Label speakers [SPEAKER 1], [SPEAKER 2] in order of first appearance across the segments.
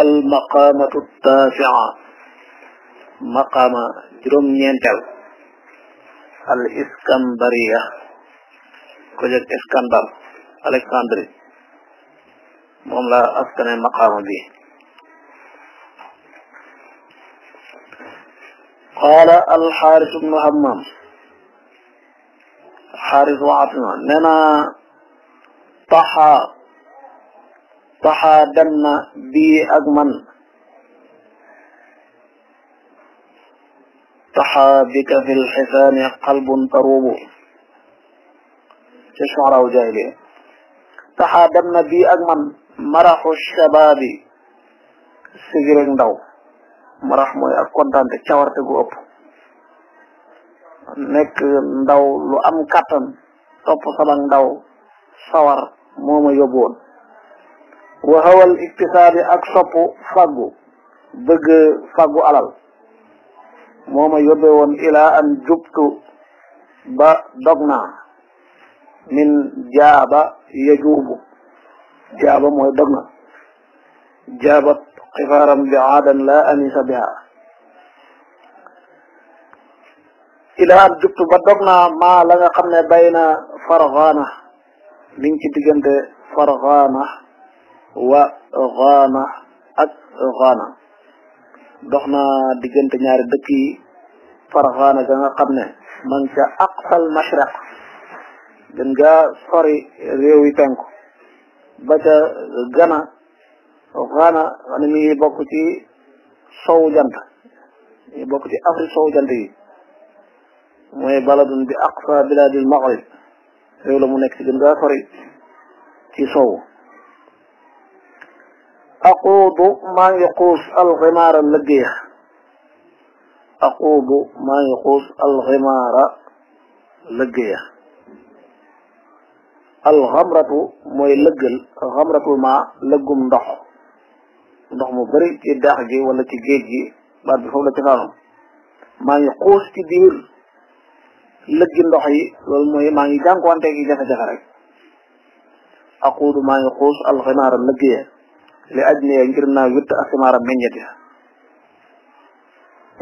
[SPEAKER 1] المقامة التاسعة مقام جرم ينتل الإسكندرية كجد إسكندر الإسكندري لا أسكن المقام به قال الحارث بن همام حارث وعطنا ننا طحا تحادن بي اك من تحابك في الحسان قلب تروب تشعر او جاهلية تحادن بي اك مرح الشباب سجرين دو مرح موي اكون دانت تشاورت غوب نك داو لو ام كاتن توب سبان داو سوار موما يوبون وهو الاقتصاد اقصب فغو دغ فغو علال موما يوبون الى ان جبت با دغنا من جاب يجوب جاب موي دغنا جابت قفارا بعادا لا انس بها الى ان جبت با دغنا ما لا خا بين فرغانه من تي ديغنت فرغانه وغانا أك غانا دخنا ديجنت نيار دكي فرغانا جنا قبنا من جا أقصى المشرق جن جا سوري ريوي تانكو بجا غانا غانا غانمي بوكتي سو جانتا بوكتي أفري سو جانتي موي بلد بأقصى بلاد المغرب ريولو منك جن جا سوري تي سو aquudu maa ngi xuus alximaara lëggéex aquudu maa ngi xuus alximaara lëggéex alxamratu mooy lëggal xamratul maa lëggum ndox ndox mu bëri ci dex gi wala ci géej gi baat bi foofu la cosaanam maa ngi xuus ci biir lëggi ndox yi loolu mooy maa ngi jànkuwante gi jafe-jafe rek aquudu maa ngi xuus alximaara lëggéex li ajliya ngir naa witt asimaara meññet ya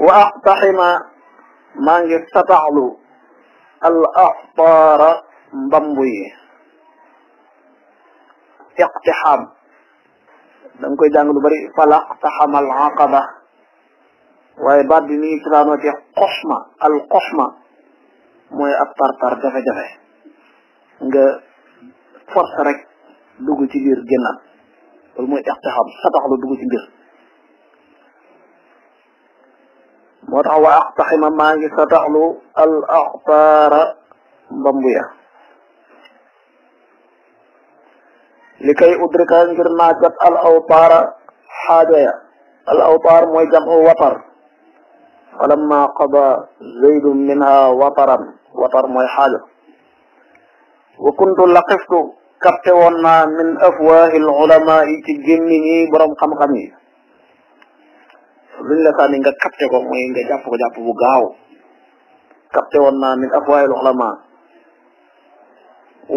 [SPEAKER 1] wa axtaxima maa ngi sataxlu al axtaara mbambu yi iqtixaam da koy jàng lu bari fala axtaxama al aqaba waaye baat bi ni ci daan waxee al xosma mooy ab tartar jafe-jafe nga force rek dugg ci biir génnaat والموت اقتهام سبعه لدوه سنبير موت هو اقتحم ما لكي ادرك انجر ناجت الاوطار حاجيا الاوطار موي جمع وطر فلما قضى زيد منها وطرا وطر موي حاجة وكنت لقفت capté woon naa min afwaahil ulamaa yi ci gémmiñi borom xam-xam yi luñ la sànni nga capté ko mooy nga jàpp ko jàpp woon naa min afwaahil ulamaa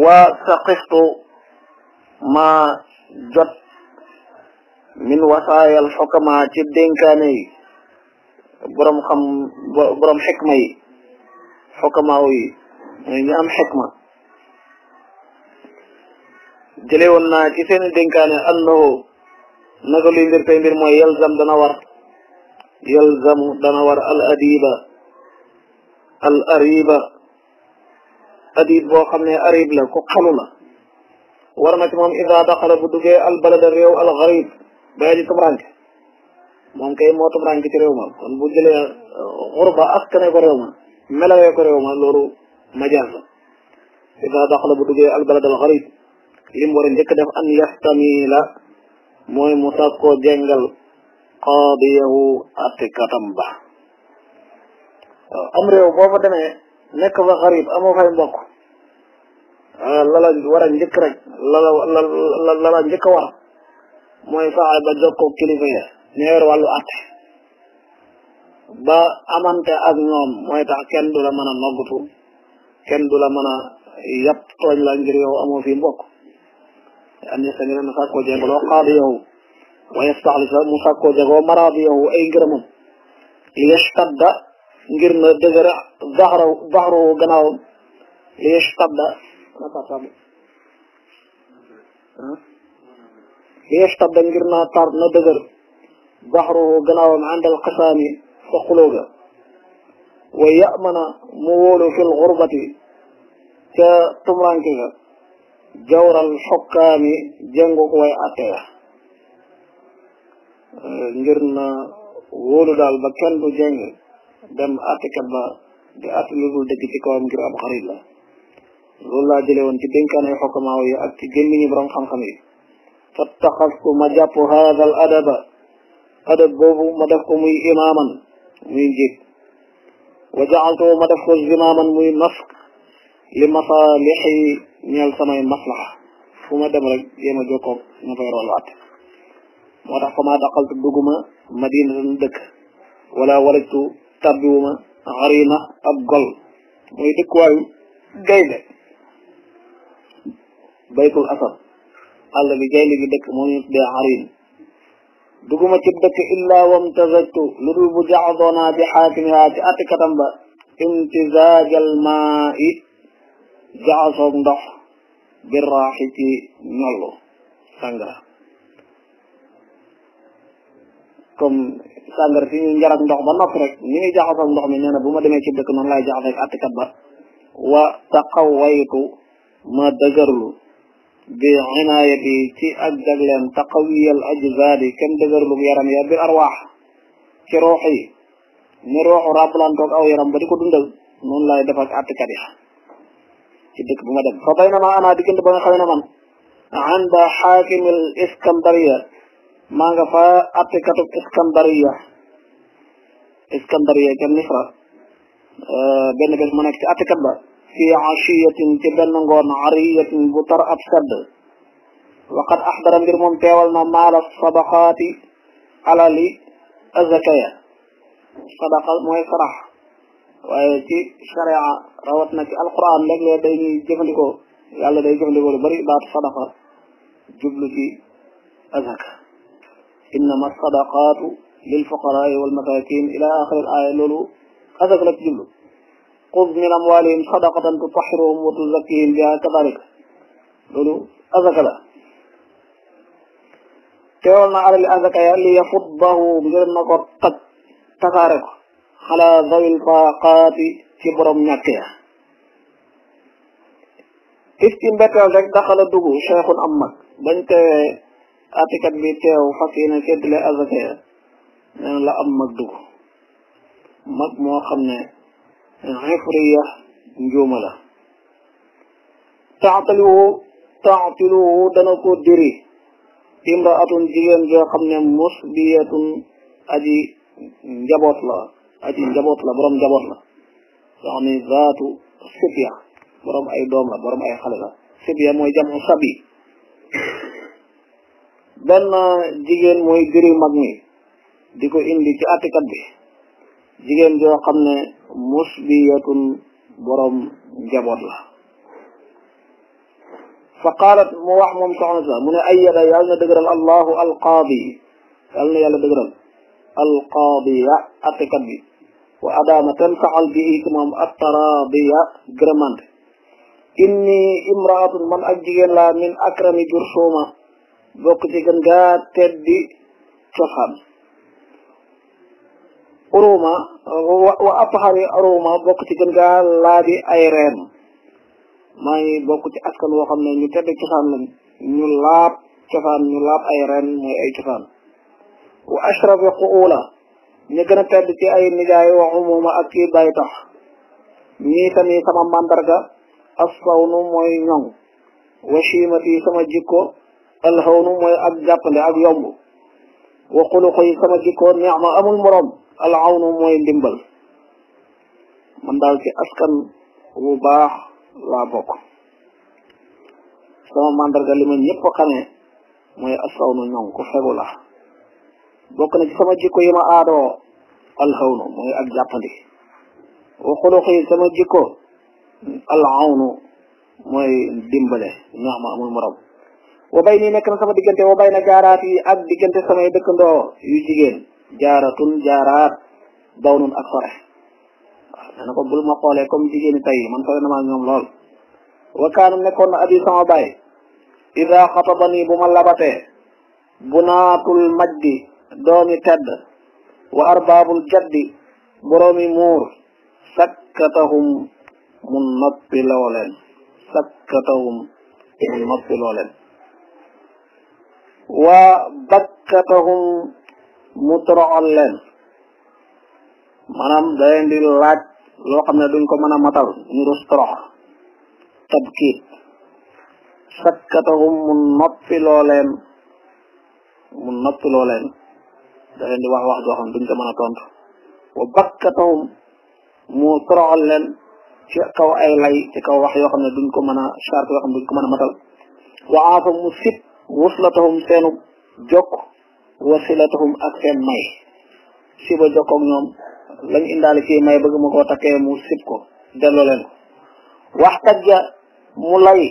[SPEAKER 1] wa saqistu maa jot min wasaayal xokama ci dénkaane yi borom xam borom xikma am xikma جلي ونا كيسين دينكاني أنه نقول إندر تيمير ما يلزم دنوار يلزم دنوار الأديبة الأريبة أديب بوخمني أريب لك وقلولا ورمت مهم إذا دخل بدوكي البلد الريو الغريب بأجي تبرانك مهم كي مو تبرانك تريوما كون بجلي غربة أخكنا كريوما ملغي كريوما لورو مجازا إذا دخل بدوكي البلد الغريب li mu war a njëkk def an yastamila mooy mu sàkkoo jàngal qaadiyahu attekatam ba am réew boo fa demee nekk fa xarib amoo fay mbokk ah lala njëkk rek lala njëkk war mooy fexe ba jokkoo kilifa ya ñoo yor wàllu ba amante ak ñoom mooy tax kenn du la mën a noggutu kenn du la mën a yàpp tooñ la ngir yow fi mbokk أن يستمر النساء كو وقاضيه قاضيه ويستعلج موسى ومراضيه أي جرمه ليشتد جرم دجر ظهره ظهره جناه ليشتد نتاسم ليشتد جرنا طار ندجر ظهره جناه عند القسام فقلوبه ويأمن مول في الغربة كتمران كذا jawral hokkaami janngo ko way atteya eh, ngir na wóolu ba kenn du jeng dem attekat ba di atte lu dul dëgg ci kawam ngir ab xarit la loolu laa jële woon ci dénkaanay xokkamaaw yi ak ci gémmiñi borom xam-xam yi fattaxastu ma jàpp haada adaba adab ma def ko muy imaaman muy njiit wa ma def ko zimaaman muy li masalixi ñal sama maslaha fu ma dem rek yema joko jokkoog ñu fay roolaat wat motax fama maa daqaltu duguma madina madinatan dëkk wala warajtu tabiwuma arina ab gol muy dëkkuwaayu gaynde baytul asad alla bi gayli bi dëkk moo ñu tuddee xarin duguma ci dëkk illa wamtazajtu lu dul bu bi hatimati atikatamba intizajal ma'i jaxasoog ndox bir raaxi ci nollu sàngara comme sàngara njarak ndox ba noppi rek ni ngi ndox mi nee na bu ma demee ci dëkk noonu laay jaxasoog attikat ba wa taqawaytu ma dëgërlu bi inaaya bi ci ak jagleen taqawiyal ajzaadi kenn dëgërlu yaram ya bir arwaax ci ni ruuxu ràbbalantoog aw yaram ba di ko dundal noonu lay def ak attikat ya صدق بما دق فبينما أنا دقين دبنا خلينا من عند حاكم الإسكندرية ما غفا أبي كتب إسكندرية إسكندرية كم نفرة أه بين قسم منك أبي كتب في عشية تبن غون عرية بطر أبسد وقد أحضر أمير ممتاولنا مال الصدقات على لي الزكاة صدقات مهي صراحة وايتي شريعه shareeca في القران لا alquran léeg-léeg dañuy jëfandikoo yàlla day jëfandikoo lu صدقه baat sadaqa jublu ci للفقراء والمساكين إلى آخر الآية لولو أسف لك جلو خذ من أموالهم صدقة تطهرهم وتزكيهم بها كذلك لولو أسف لا تيولنا على الأزكاة ليفضه بجرد نقر تك تكارك على ذي الفاقات كبرم نكيه كيفتي مبكر رك دخل الدقو شيخ أمك بنت أتك بيتيه وحسين كدل أزكيه لأن لا أمك دقو مك مواخنة عفرية جملة تعطلوه تعطلوه دنكو ديري امرأة جيان جا خمنا مصبية أجي جبط الله aji njaboot la borom njaboot la yoo xam ne zaatu sibya borom ay doom la borom ay xale la sibya mooy jamu sabi benn jigéen mooy gëri mag mi di ko indi ci attikat bi jigéen joo xam ne musbiyatun borom njaboot la fa qaalat mu wax moom soxna sa mu ne ay yada yàlla na dëgëral allahu alqaadi yàlla na yàlla dëgëral alqaadiya attekat bi wa adaama ten saxal bi i ci moom attaraadiya inni imraatun man ak jigéen min akrami jursuuma bokk ci gën gaa teddi cosaan uruma wa atxari uruma bokk ci laabi ay reen maa ngi bokk ci askan woo xam ne cosaan lañ laab cosaan ñu laab ay reen ay cosaan wa ashrafi quula ñi gën a tedd ci ay nijaay wa umuma ak ci bay tax ñii tamit sama mandarga assawnu mooy ñoŋ wa chimati sama jikko alxawnu mooy ak jàppande ak yomb wa xuluqu yi sama jikko neex ma amul morom alawnu mooy ndimbal man daal ci askan bu baax laa bokk sama mandarga li ma ñëpp xamee mooy assawnu ñoŋ ku fegu la bokk na ci sama jikko yi ma aadoo alxawnu mooy jàppandi wa xuluqi sama jikko alxawnu mooy dimbale ñaax ma amul morom wa bay nii nekk na sama diggante wa bay na jaaraat yi ak diggante samay dëkkandoo yu jigéen jaaratun jaaraat dawnun ak sore waaw dana ko bul ma xoolee comme jigéeni tey man sore na maa ñoom lool wa kaana nekkoon na abi sama baay ida xatabani bu ma labatee bunaatul majdi doomi tedd wa arbaabul jaddi boroomi muur sakkatahum mu noppi looleen sakkatahum mu noppi looleen wa bakkatahum mu toroxal leen maanaam da leen di laaj loo xam ne duñ ko mën a matal ñu rus torox tabkiit sakkatahum mu noppi looleen mu da leen di wax wax joo xam duñ ko mën a tontu wa bakkatahum mu toroxal leen ci kaw ay lay ci kaw wax yoo xam ne duñ ko mën a charte yoo xam ne duñ ko mën a matal wa aafa mu sib wuslatahum seenu jokk wasilatahum ak seen may siba jokkoog ñoom lañ indaale ci may bëgg ma koo takkee mu sib ko delloo leen ko waxtajja mu lay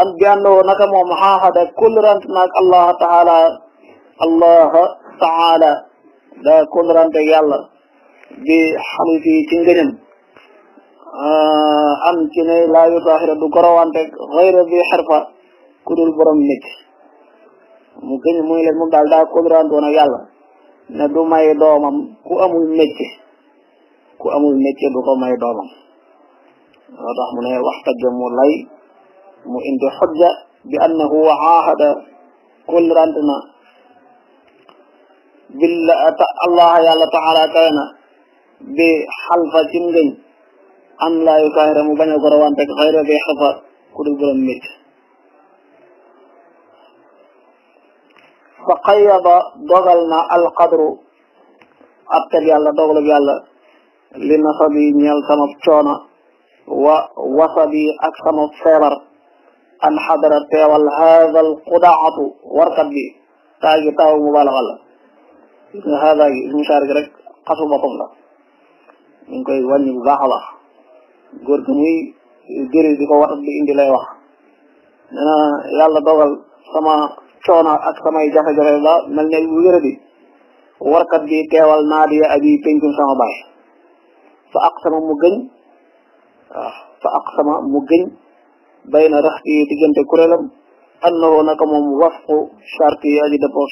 [SPEAKER 1] an bi àndoo naka moom xaaxada kullurant naag allah taala allah تعالى دا كل رمضة يالا دي حنيفي تنجنم آه، أم كني لا يظهر دكرو أنتك غير ذي حرفة كل البرم نج ممكن مويل مدال دا كل رمضة يالا ندو ما يدوم كو أمو نج كو أمو نج دكو ما يدوم رضاه من يوحتج مولاي مو إن حجة بأنه عاهد كل رمضة الله يالله تعالى كينا بحلفة جنجن أن لا يكاهر مبنى قروان تك خير بحفة كل قرم ميت فقيب دغلنا القدر أبتل يالله دغل بيالله لنصبي نيال سمبتونا ووصبي أكسم السيبر أن حضرت والهذا القدعة وركب بي تاجي تاو مبالغ الله haadaagi ismushaarka rag qasab baa qofla ninkay wàññi bu baax a baax góorka muy jëri di ko war di indi lay wax nee na yàlla dogal sama coono ak samay jafe-jafe ba mel ne bu wéradi naadiya abi pencum sama baay fa aqsama mu gëñ fa aqsama mu gëñ bay rax ki diggante kuréelam annahu naka moom wafqu charte yi aji dëppoo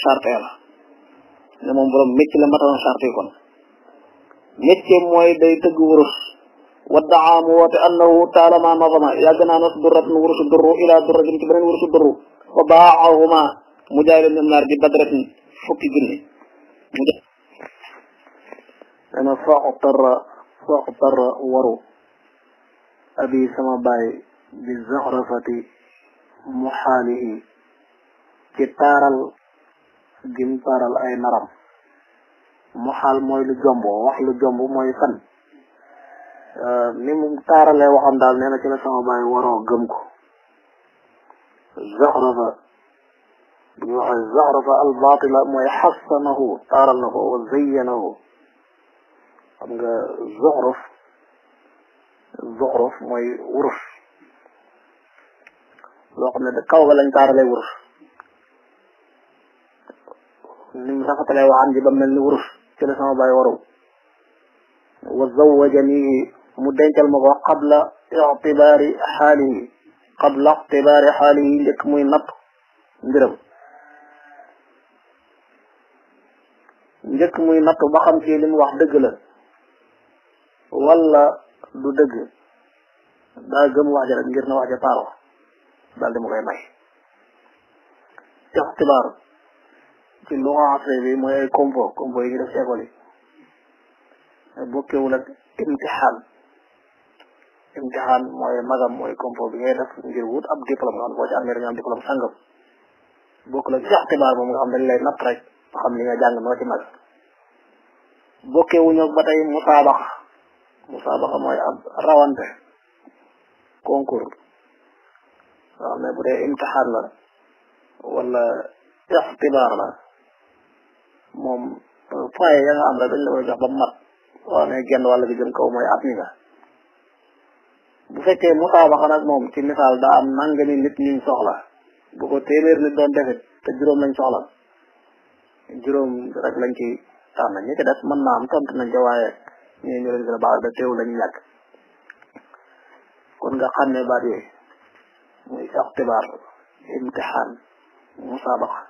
[SPEAKER 1] ne moom borom métier la matoon charte yi kon métier mooy day tëgg wurus waddaa mu woote annahu taala ma nazama yàgg naa nas durratun wurusu durru ila durratin ci beneen wurusu durru wa baaxahuma mu jaay leen ñoom ñaar bi badratin fukki junni mu jaay ana faxtara faxtara waru abi sama baay bi zahrafati muxaalihi ci taaral gim mu faral ay naram mu xal moy lu jombo wax lu jombo moy fan euh ni mu taaralee waxam dal nee ci la sama bay waro gëm ko zahrafa bu ñu waxee zaxrafa albatila mooy xassanahu taaral na ko wa zayyanahu am nga zahraf zahraf moy wuruf lo xamne da kaw ga lañ taralé wuruf niñ rafetale waxam ji ba mel ni wurus ci la sama baay waru wa zawwajanihi mu dencal ma ko qabla ictibaari xaalihi qabla ictibaari xaalihi njëkk muy napp mbiram njëkk muy natt ba xam ci li mu wax dëgg la wala du dëgg daa gëm wax ja rek ngir na wax ja taaro daal di ma koy may ixtibaar ci Laurent bi mooy ay convo convo yi ñu def ci école yi bokkewul ak imtixaan imtixaan mooy magam mooy convo bi ngay def ngir wut ab diplôme nga xam boo ci amee dañu am diplôme sangam bokkul ak sax xibaar moom nga xam dañ lay natt rek ba xam li nga jàng noo ci mag bokkewuñu ba tey musaabax musaabaxa mooy ab rawante concours waaw mais bu dee imtixaan la wala ixtibaar la moom foyer ya nga am rek dañ la koy jox ba mat waaw ne genn wàll gi jëm kaw mooy at mi nga bu fekkee musaabaxa nag moom ci misaal daa am nangami nit ñuñ soxla bu ko téeméer nit doon defit te juróom lañ soxla juróom rek lañ ci tànn ñi ci des mën naa am tontu nañ ca waaye ñii ñu leen gën a baax da teew lañu ñàkk kon nga xam ne baat yooyu muy ixtibaar imtixaan musaabaxa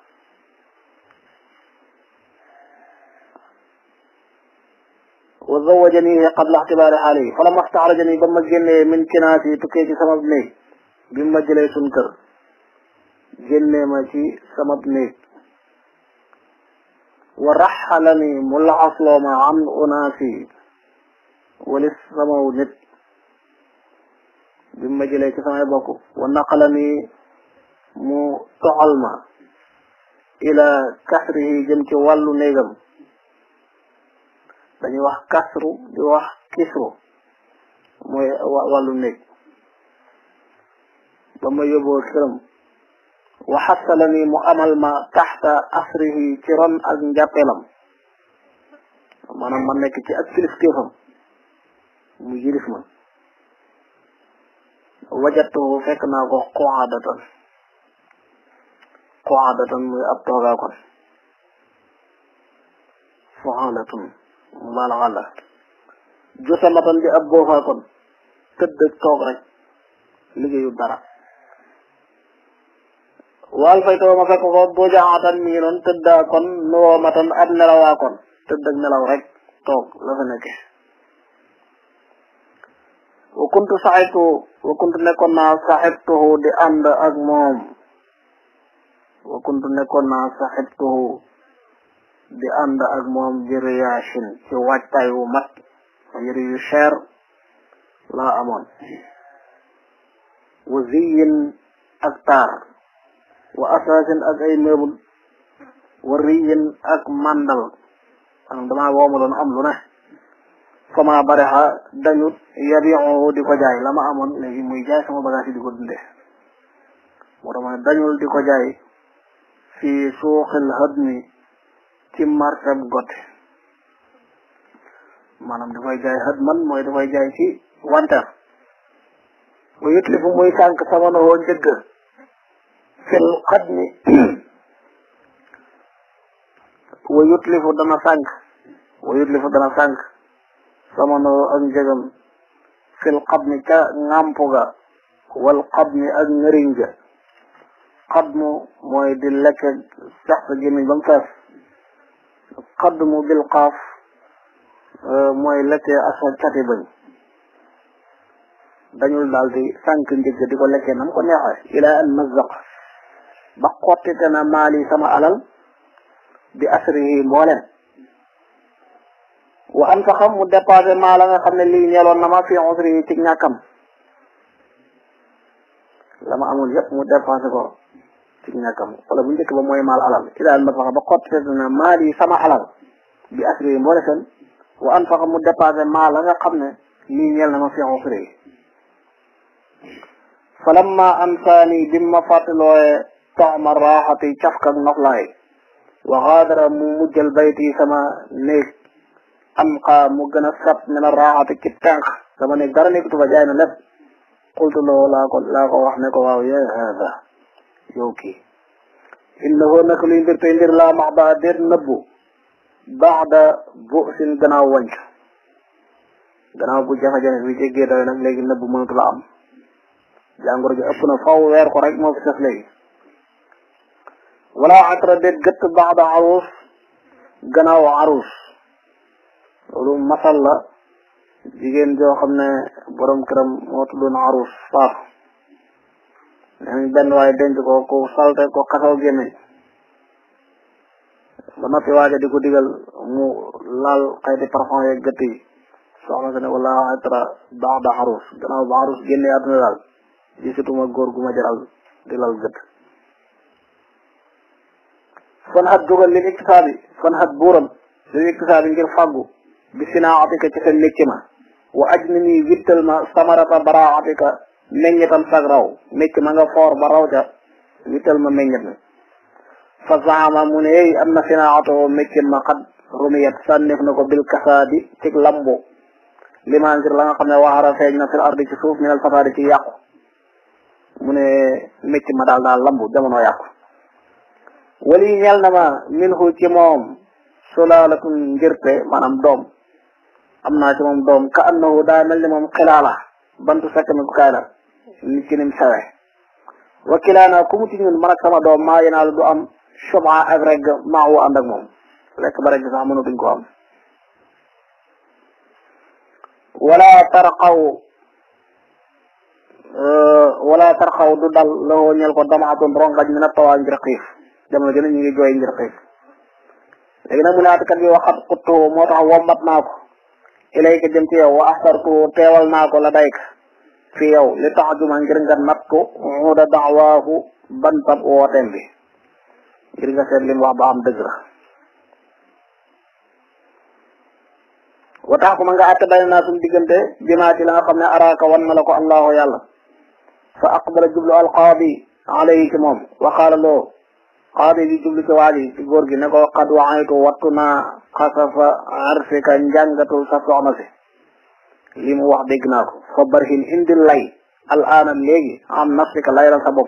[SPEAKER 1] وزوجني قبل اعتبار حالي فلما استعرجني بمجني من كناتي تكيتي سمبني بمجلي سنكر جني ماشي سمبني ورحلني ملعصل مع عن أناسي ولسه مولد بمجلي كسماء بكو ونقلني مو تعلم إلى كحره جنك والو نيغم dañuy wax kasru di wax kisru mooy wàllu néeg ba ma yóbboo këram wa mu amal ma taxta asrihi ci ak njàppeelam maanaam man ci ak kilifteefam mu yilif man wajattuhu fekk naa ko qoxadatan qoxadatan muy ab toogaa kon foxalatun maanaam la josalatan di ab boofaakoon tëdd toog rek liggéeyu dara waal fay too ma fekk ko boo jaaxaatan mi ngi noon tëddaa kon nuwoomatan ab nelawaa kon tëdd ak nelaw rek toog la fa nekke wa kuntu saxibtu wa kuntu nekkoon naa saxibtuhu di ànd ak moom wa kuntu nekkoon naa saxibtuhu di ànd ak moom di riyaasin ci waajtaay wu mat ngir yu cher laa amoon wa ziyin ak taar wa asaasin ak ay meuble wa riyin ak màndal maanaam damaa wooma doon am lu ne fama barexa dañut yabiu di ko jaay la ma amoon léegi muy jaay sama bagage yi di ko dunde moo tax ma dañul di ko jaay fii suuqil hadmi ci martab gote maanaam da koy jaay xat man mooy da koy jaay ci wanta wa yutlifu muy sànq samano woo njëgg fil xadmi wa yutlifu dana sànq wa yutlifu dana sànq samano ak njëgam fil xadmi ca ŋàmpu ga wal xadmi ak ngëriñ ga mooy di lekk sax sa gémmiñ ba mu قدم بالقاف موي لكي اصل كاتب دانيول دالدي سانك نديك ديكو لكي نانكو نيخا الى ان مزق بقوتي تنا مالي سما علل دي اسري مولن وان فخم مو ديبازي مالا nga xamne li ñelon na ma fi عذري ci ñakam lama amul yep mu ديبازي ko ci ñàkkam wala bu njëkk ba mooy maal alal ci daal ma fexe ba xotte na maal yi sama alal bi asri mboole seen wa an faxa mu dépassé maal la nga xam ne lii ñeel na ma fi usri falamma amsaani bi ma fàttalooye taxma raaxati cafka noflaay wa xaadara mu mujjal bayti sama néeg am xaa mu gën a sab ne na raaxati ci tànk sama néeg dara nekkutu fa jaay na lépp qultu loo laa ko laa ko wax ne ko waaw yaa haada يوكي إنه نقل إندر تندر لا مع بعدير نبو بعد بؤس غناو وانش غناو بو جافا جان وي جيغي دا نك لغي نبو من لا ام جانغور جي اپنا فاو وير قرأت رك مو ولا عطر ديت گت بعد عروس جناو عروس لولو مثل جيجين جو خمنا برم كرم موطلون عروس صح dañu benn waaye denc ko ku salte ko xasaw gémmiñ ba noppi waaja di digal mu laal xeeti parfum yeeg gëtt yi soxna si ne ko laa atra baax da xarus gannaaw ba xarus daal gisatuma góor gu jaral di lal gëtt fan xat dugal li iktisaabi fan xat buuram li iktisaabi ngir fàggu bi sinaatika ci sa mécc ma aj ni nii wittal ma samarata baraatika meññatal sag raw mecc ma nga foor ba raw ja wital ma meññat na fa zaama mu ne yey am na sinaatoo meccin ma xat rumiyat sànneef na ko bil kasaadi cig lambo limaa ngir la nga xam ne waxara feeñ na fil ardi ci suuf minal fasaadi ci yàqu mu ne mecc ma daal daal lambu jamono yàqu wali ñel na ma min hu ci moom sulaalatun ngirte maanaam doom am naa ci moom doom ka annahu daa mel ni moom xilaala bantu sakk na bu kaay la li gënim sawe wakilaana ku mu ci sama doom maa yenaalu du am soba ak reg maa woo ànd ak moom rek ba reg sax mënu duñ am wala tarqaw euh, wala tarxaw du dal loo ñel ko damaatun rongañ mi na tawaa ngir xiif jamono jëne ñu ngi jooy ngir xiif léegi nag mu ne atkat bi waxat moo tax wommat naa ko ilayka jëm ci yow wa axtartu teewal naa ko la dayka fi yow li taxjuma ngir nga nattu xuuda daawaahu bantab wooteem bi ngir nga seet lim wax ba am dëgg la wa tax ku ma nga atte bay naa suñu diggante bimaa ci la nga xam ne araaka wan na la ko allahu yàlla fa aqbala jublu alqaadi alayhi ci moom wa qaala loo قال لي جملة وعلي تقول جنك قد وعيت وطنا خصف عرفك انجانجة وصف مسي لم وحد جناك فبرهن عند الله الآن ليجي عن نفسك لا يرى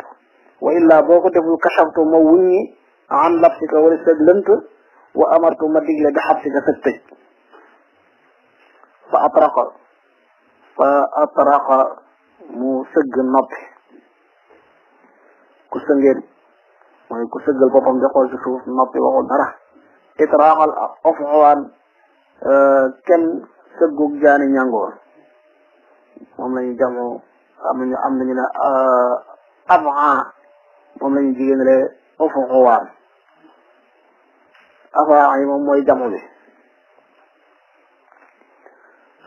[SPEAKER 1] وإلا بوقت كشفت مويني عن نفسك والاستدلمت وأمرت مديك بحبسك ستج فأطرق فأطرق مسج النطح كسنجين mooy ku sëggal boppam di xool ci suuf noppi waxul dara itraaxal ofuwaan euh, kenn sëggug jaani ñàngoor moom la ñu am nañu am nañu euh, moom la jigéen le ofuwaan avant yi moom mooy jamu bi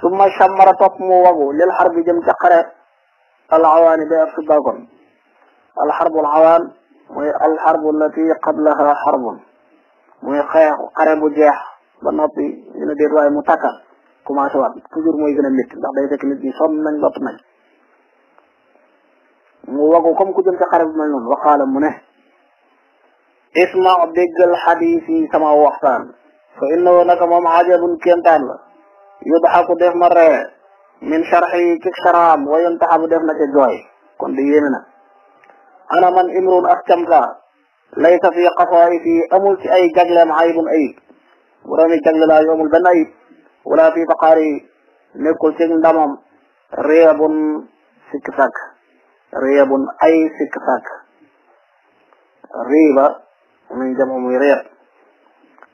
[SPEAKER 1] summa shammara topp mu wagu lil xar bi jëm ca al awaani bay ab subbaakoon al xarbul awaan والحرب التي قبلها حرب ويخيه قرب جيح بالنبي ينبي الرأي متكا كما سوى كجور مو يغنى ميت لأ بيزا كنت يصم من كم كجم تقرب منون وقال منه اسمع عبدك الحديث سما وحسان فإنه نك مم عجب كنتان يضحك ديف مرة من شرحي كشرام وينتحب ديفنا كجوي كنت يمنه دي أنا من امر اختم ذا ليس في قصائفي أملت أي ججل عيب أي ورمي جل لا يوم البنيب ولا في فقاري نقول سن دمم ريب سكسك ريب أي سكسك ريب من جمع ريب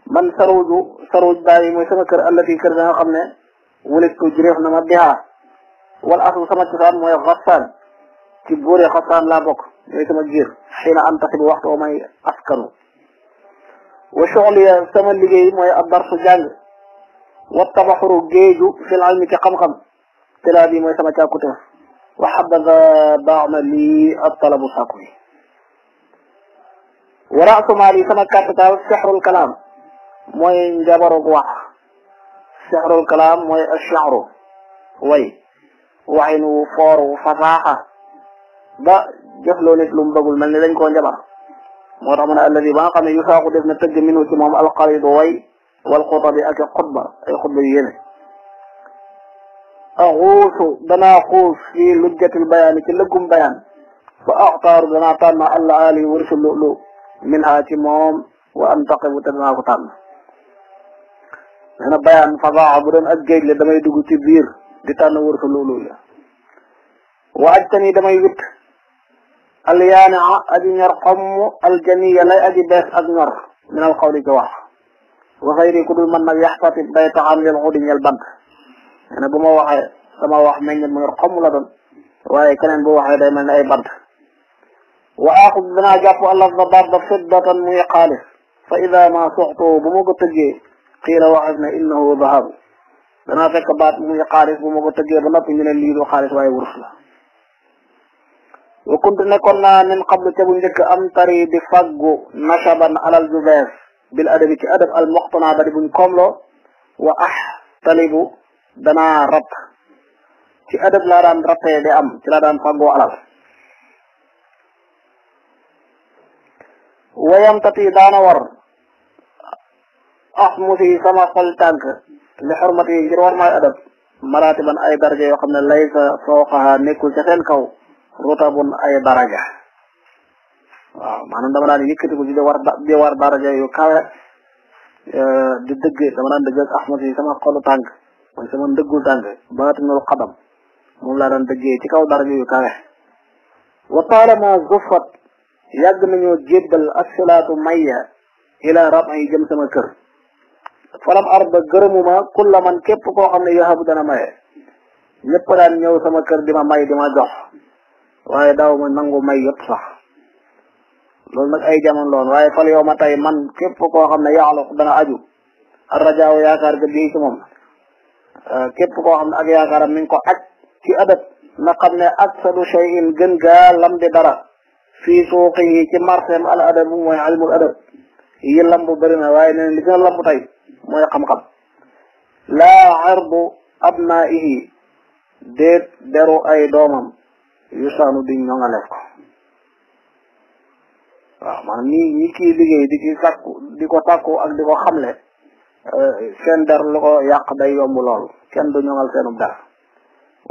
[SPEAKER 1] من سروج سروج دائم وسمكر سما الله في كر دا ولدت جريح نما بها والاصل سمكر كسان يغفل غسان ci لا بكر يتمجير حين أنتخب وقت وما أسكنه وشغلي سما لجي ما والتبحر في العلم كقمقم تلابي ما لي الطلب ورأس مالي سحر الكلام موي جبر سحر الكلام الشعر وي وعين وفور وفصاحة ba jëf lo nit lu mu melni dañ ko njabar mo tax mu ne alladi ba nga yu saaqu def na tëgg minu ci moom alxaridu way wal qutbi ak qutba ay xutba yene aghusu dana khus fi lujjatil bayan ci lëggum bayan fa aqtar dana danaa tànn àll aali wërsu lu min haa mom wa antaqib te ko tan dana bayan fa fasaa bu ak géej la damay dugg ci bir di tan wërsu lulu ya wa ajtani damay wut اليانع أدي يرحم الجنية لا أدي بيس أجنر من القول جواح وغيري كل من يحفظ البيت عن للغد يلبن أنا بما وحي سما وحي من يرحم لدن وهي كان بوحي دائما أي برد وآخذ بنا جافو الله الضباب فضة ميقاله فإذا ما سحته بمقتجي قيل وعزنا إنه ذهب دنا فك بات ميقاله بمقتجي رمت من الليل وخالص وهي ورسله وكنت نكون من قبل تبون جك أمطري بفجو نصبا على الزبير بالأدب كأدب المقتنع بدبون كملو وأح طلب دنا رب كأدب لا دان رب أم لا دان فجو على ويم تتي دانور أحمسي سما فلتانك لحرمتي جروار ما أدب مراتبا أي درجة وقمنا ليس فوقها نيكو سخين rutabun ay daraja waaw maanaam dama daan yëkkati ko ci di war di war daraja yu kawe eh, di dëgg dama daan dëgg ak yi sama xolu tànk mooy sama ndëggul tànk baatinul xadam moom laa daan dëggee ci kaw daraja yu kawe wa taalama zufat yàgg nañoo jébbal asalaatu mayya ila rab yi jëm sama kër falam arda gërëmuma kulla man képp koo xam ne yahabu dana maye ñëpp daan ñëw sama kër di ma may di ma jox waaye daaw ma nangu may yëpp sax loolu nag ay jamono loon waaye fal yow ma tey man képp koo xam ne yaxalox dana aju ar rajaaw yaakaar ga bii ci moom euh, képp koo xam ne ak yaakaaram mi ko aj ci adab na xam ne aksalu shay'in gën gaa lam di dara fii suuqi yi ci marché al adab mooy ilmul adab yi lamb bëri na waaye nee li gën a lamb tey mooy xam-xam laa ardu abnaihi déet deru ay doomam yusaanu di ñoŋale ko waaw maanaam ñi liggéey di ki ko tàkku ak di ko xamle eh, seen der lu ko yàq day yomb lool kenn du ñoŋal seenub der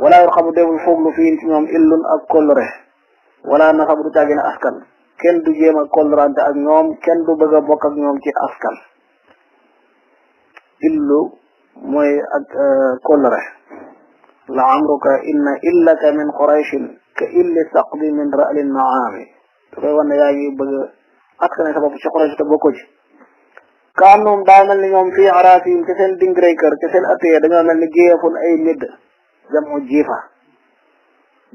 [SPEAKER 1] wala yor xamu déewul foog lu fiin ci ñoom illun ak kóllëre wala nasab du càggine askan kenn du jéem a kóllërante ak ñoom kenn du bëgg a bokk ak ñoom ci askan illu mooy ak eh, kóllëre la amruka inna illaka min qurayshin كإلي تقضي من رأل النعام تقول يا أيوب أتخنا سبب شكرا جتبوكوش كانوا دائما لهم في عراسهم كسن دينغريكر كسن أتيا دائما لجيفون أي ند جمع جيفا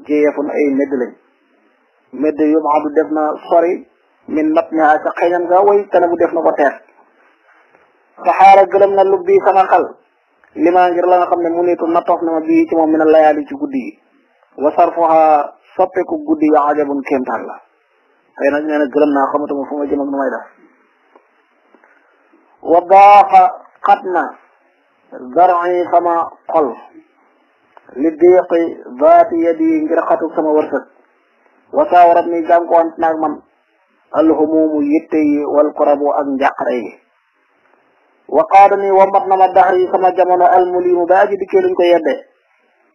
[SPEAKER 1] جيفون أي ند لن ند يوم عبد دفنا صري من نطنها سقينا غاوي تنبو دفنا بطير فحارة قلمنا اللبي سنقل لما نجر لنا قمنا مونيتو نطفنا بيه كما من الليالي تقول وصرفها صبك قدي عجب كنت الله أين أجنان قلنا خمة مفهوم جمع نمائدة وضاق قطنا ذرعي سما قل لديقي ذات يدي انجر سما ورسد وصاورتني جامكو أنت نغمم الهموم يتي والقرب أنجاق ريه وقادني ومطنا مدحري سما جمعنا المليم باجي بكيلنكو يده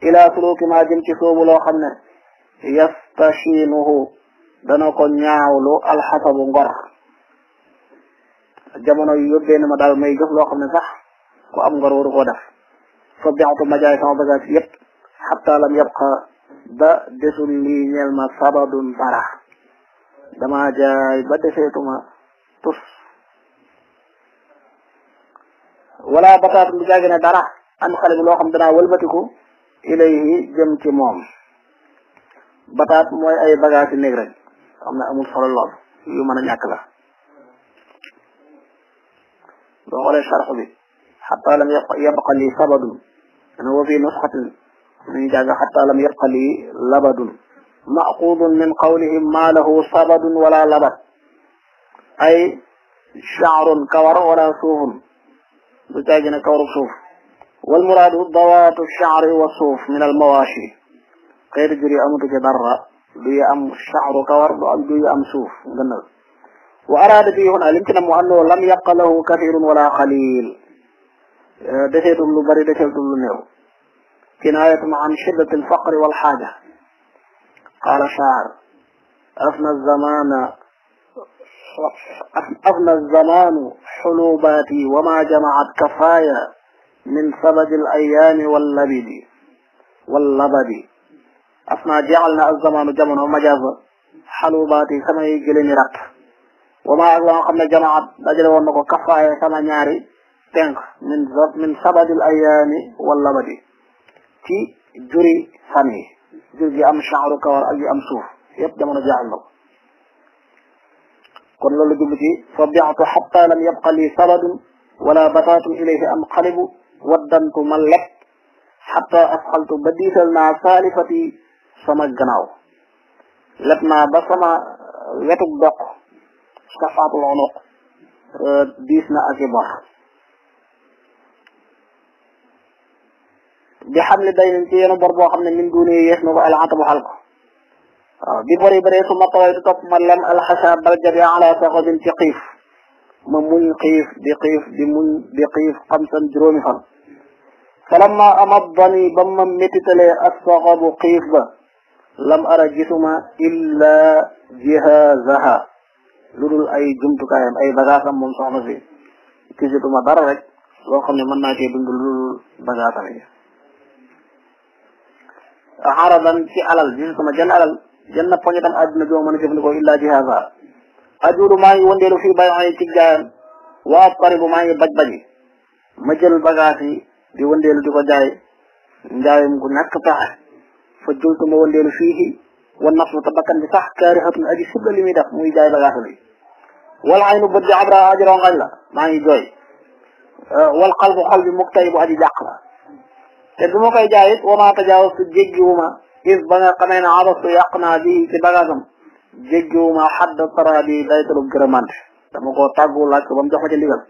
[SPEAKER 1] إلى سلوك ما جمت سوب لو خنة يستشينه دنوكو نعولو الحسب غر جمعنا يبين مدال ما يجف لو خنة صح كو أم غر ورغو دف صبعت يب حتى لم يبقى دا دسل لي نيل ما برا دما جاي بدسيتما تس ولا بطاط مجاجنا درا ان خلق لو خم دنا ولبتكو إليه جم كموم بطاط موي أي بغاس نغرة أمنا أمول صلى الله يومنا نعكلا لا الشرح بي حتى لم يبقى لي سبد أنا في نسخة من جاز حتى لم يبقى لي لبد مأخوذ من قولهم ما له سبد ولا لبد أي شعر كور ولا صوف بتاجنا كور صوف والمراد ضوات الشعر والصوف من المواشي غير جري أمد جدرة بي أم الشعر كورد أم بي أم صوف جنة وأراد به هنا يمكن أنه لم يبق له كثير ولا قليل آه، بري دهيت من اللنيو كناية عن شدة الفقر والحاجة قال شعر أفنى الزمان أفنى الزمان حلوباتي وما جمعت كفايا من صبد الأيام واللبد واللبد أصنع جعلنا الزمان جمنا ومجاز حلوبات سمي جلين رك وما أعلم قمنا جمع أجل ونقو كفاء سمى ناري تنخ من زب من صبد الأيام واللبد تي جري سمي جري أم شعرك ورأي أم صوف يبدا من جعلنا قل لولي جمتي فبعت حتى لم يبقى لي صبد ولا بطات إليه أم قلب waddantu ma lepp xata asxaltu ba diisal naa saalifati sama gannaaw lepp naa ba sama wetuk doq safaatul onuq diis na ak i bor bi xam ne day nañ ci yenu bor boo xam ne min duune yees na ko alxata bu xal ko waaw bi bor yi bëree su ma tawaytu topp ma lem alxasa baljabi ala saxobin ci xiif ممن قيف بقيف بمن بقيف قمصا جرومها فلما أمضني بمم متتلي أصغب قيف لم أرى جسما إلا جهازها لول أي جمت كايم أي بغاسا من صحنزي كجتما دررك وخمي من ناتي بنقول لول بغاسا أحرضا في ألل جسما جن ألل جن نفنجتم أدنى جو من كفنكو إلا جهازها أدور معي وندير في بيعي تجان وأضطرب معي بجبجي مجل بغاتي دي وندير دي بجاي نجاي مكو نكتا فجلت ما وندير فيه والنصر طبقا بصح كارهة أجي سبل لمي دخ مو يجاي بغاتي والعين بدي عبر أجر وغلا معي جوي أه، والقلب قلبي مكتئب أجي جعقرة تدمو كي جايت وما تجاوزت جيجي وما إذ بنا قمين عرص يقنا به في بغاتهم jéggiwuma xadd tara bi daytalu gërëmante dama ko tàggu laaj ko ba mu jox ma ci ndigal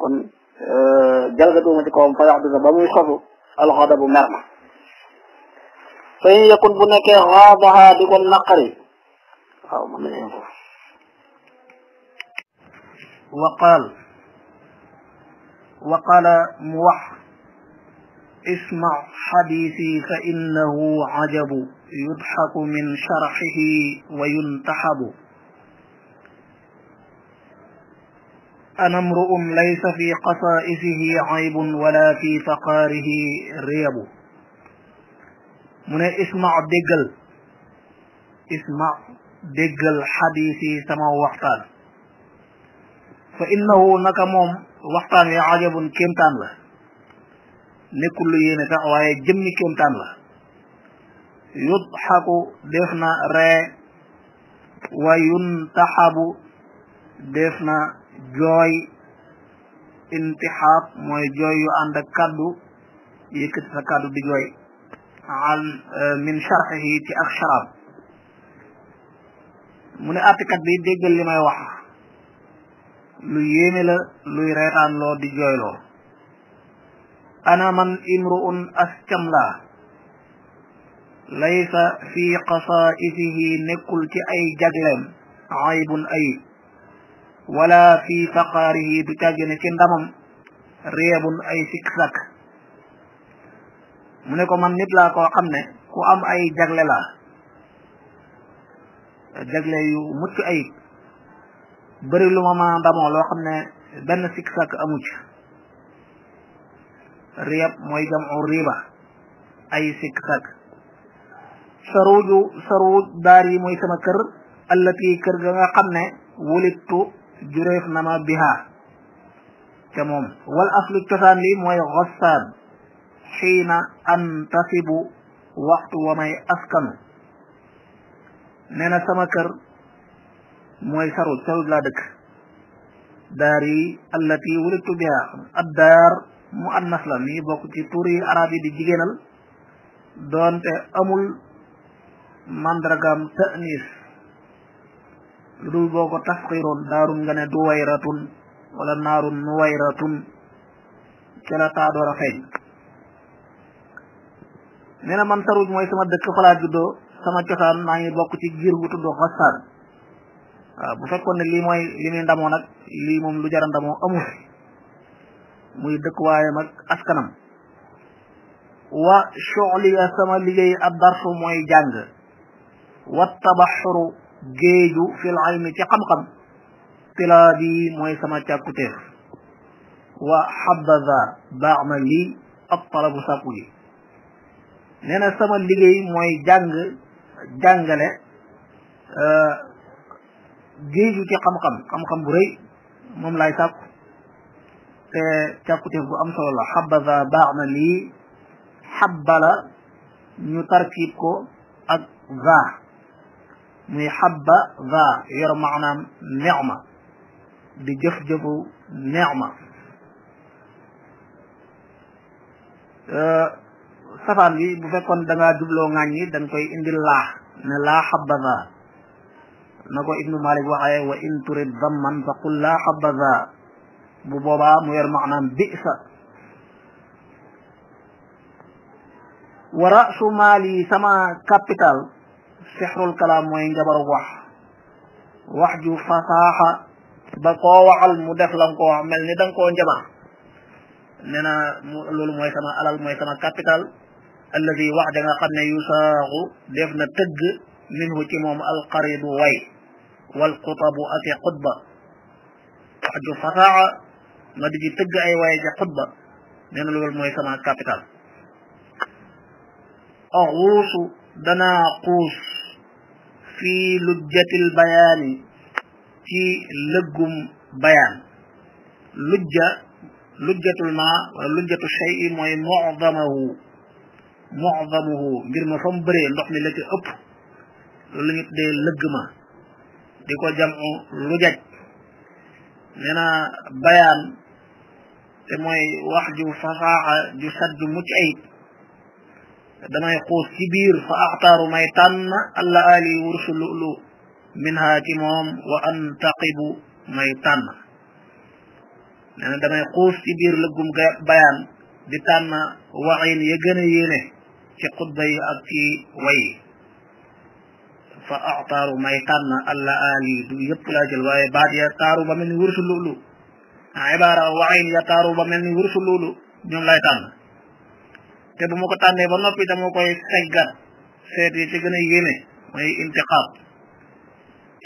[SPEAKER 1] kon jalgatuwuma ci kawam fa yaxdu ba muy xofu alxada bu mer ma fa in yakun bu nekkee xaadaha di ko naqari waaw mën nañu foofu wa qaal wa qaala mu wax اسمع حديثي فإنه عجب يضحك من شرحه وينتحب أنا امرؤ ليس في قصائصه عيب ولا في فقاره ريب من اسمع دقل اسمع دقل حديثي سما وقتان فإنه نكمم وقتان عجب كمتان له nekkul lu yéene sax waaye jëmmi kéemtaan la yudxaku def na ree wa yuntaxabu def na jooy intixaab mooy jooy yu ànd ak kàddu yëkkati sa kàddu di jooy eh, min charxihi ci ak charab mu ne attikat bi déggal li may wax lu yéeme la luy reetaan loo di loo ana man imru'un askam laa laysa fi qasaa'isihi nekkul ci ay jagleem aybun ayib wala fi faqaarihi du càggine ci ndamam réebun ay sikk mu ne ko man nit la koo xam ne ku am ay jagle laa jagle yu mucc ayib ma ma ndamoo loo xam ne benn sikk sakk amu riyab mooy jamcu riba ay sikk sàkk saruuju yi mooy sama kër allati kër tu nga xam na ma biha ca moom wal aslu li mooy xosaan xiina antasibu waxtu wa may askanu nee na sama kër mooy saruuj saruuj laa dëkk daar biha ad mu annas la mi bokk ci tur yi yi di jigéenal doonte amul mandragam ta'nis lu dul boo ko tasxiroon daarun nga ne duwayratun wala naarun nuwayratun ca la taa door a feeñ nee na man taruj mooy sama dëkk falaa juddoo sama cosaan maa ngi bokk ci giir gu tudd xasaan waaw bu fekkoon ne lii mooy li ndamoo nag lii moom lu jara ndamoo amul muy dëkkuwaayam ak askanam wa shughliya sama liggéey ab darsu mooy jàng wa tabaxuru géeju fil ilmi ci xam-xam mooy sama càkkutéef wa xabaza baax ma lii ab talabu sàkku gi na sama liggéey mooy jàng jàngale euh, géeju ci xam-xam xam-xam bu rëy moom te càkkutéef bu am solo la xabaza baax na lii xabbala ñu tarkiib ko ak za muy xabba za yor maanaam neema di jëf-jëfu neema safaan bi bu fekkoon da ngaa jubloo ŋàññi dañ koy indi laax ne laa xabaza na ko ibnu malik waxee wa in turid damman fa qul laa xabaza bu boobaa mu yor maanaam bisa wa rasu maali sama capital sixrul kalaam mooy njabarug wax wax ju fasaaxa ba koo waxal mu def lam ko wax mel ni danga koo njama nee na loolu mooy sama alal mooy sama capital alladi wax da nga xam ne yusaaxu def na tëgg minhu ci moom alqaridu way والقطب أتي قطبة وحج فساعة nga di ci tëgg ay waaye ja xutba nee na mooy sama capital axuusu danaa xuus fii lujjatil bayaani ci lëggum bayaan lujja lujjatul ma wala lujjatu shay mooy mocdamahu mocdamuhu mbir ma fa mu bëree ndox mi la di ko jamu lujaj nee bayaan te mooy wax ju fasaaxa ju sadd mucc ayib damay xuus ci biir fa axtaaru may tànn alla ali wursu lulu minha ci moom wa antaqibu may tànn nee na damay xuus ci biir lëggum bayaan di tànn waxin ya gën a yéene ci xutba yi ak ci way fa axtaaru may tànn alla ali du yépp laa jël waaye baat ya taaru ba mel ni wursu lulu Ah, ibaara waxin yataaru ba mel ni luulu ñoom lay tànn te bu ma ko tànnee ba noppi dama koy seggat seet yi ci gën a yéeme mooy intiqaab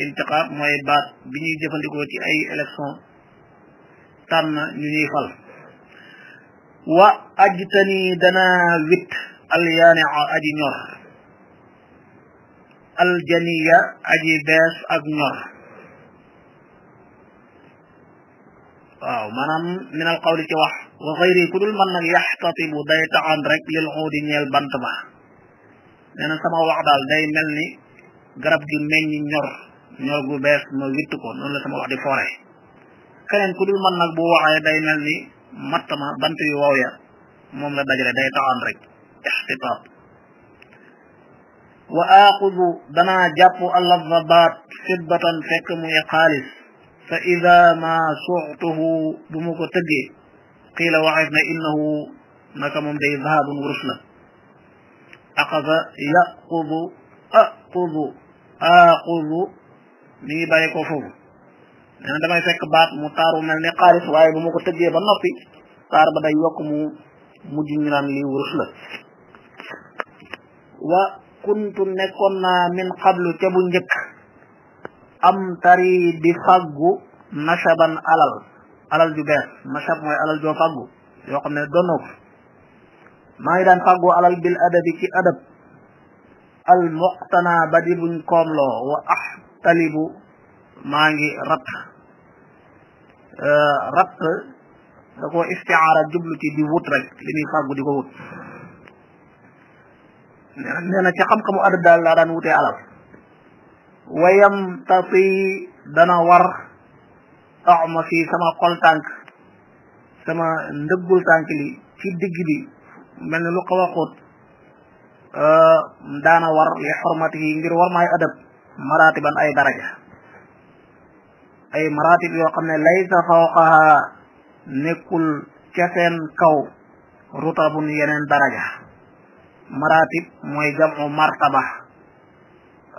[SPEAKER 1] intiqaab mooy baat bi ñuy jëfandikoo ci ay élection tànn ñu ñuy fal wa ajtani danaa wit alyaani aji ñor aljaniya aji bees ak ñor waaw maanaam min al qawli ci wax wa xayri ku dul man nag yaxtatibu day taxaan rek lil xuudi ñeel bant ba nee na sama wax daal day mel ni garab gi meññ ñor ñor gu bees ma witt ko noonu la sama wax di foore keneen ku dul man nag bu waxee day mel ni matt ma bant yu wow ya moom la dajale day taxaan rek ixtitaab wa aaxudu danaa jàpp allafza baat fiddatan fekk muy xaalis فإذا ما سعته بمكو تجي قيل وعدنا إنه نكم دي ذهاب ورسلا أخذ يأخذ أخذ أخذ مي بايكو فوف لأن دمائي فك بات مطار من نقارس وعي بمكو تجي بنطي صار بدا يوكم مجنران لي ورسلا وكنت نكون من قبل تبو am tari di faggu nachaban alal alal ju bees nachab mooy alal joo faggu yoo xam ne donnoo ko maa ngi daan faggu alal bil adabi ci adab al muqtana ba di buñ wa ahtalibu maa ngi rat euh, rat da ko di wut rek li muy faggu di ko wut nee na ci xam-xamu adab daal laa daan wutee alal wa yamtati dana war axma fii sama xol tànk sama ndëggul tànk li ci digg bi mel ni lu xaw a xóot euh, daana war li xormati yi ngir war maay adab maratiban ay daraja ay maratib yoo xam ne laysa fawqaha nekkul ca seen kaw rutabun yeneen daraja maratib mooy jamu martaba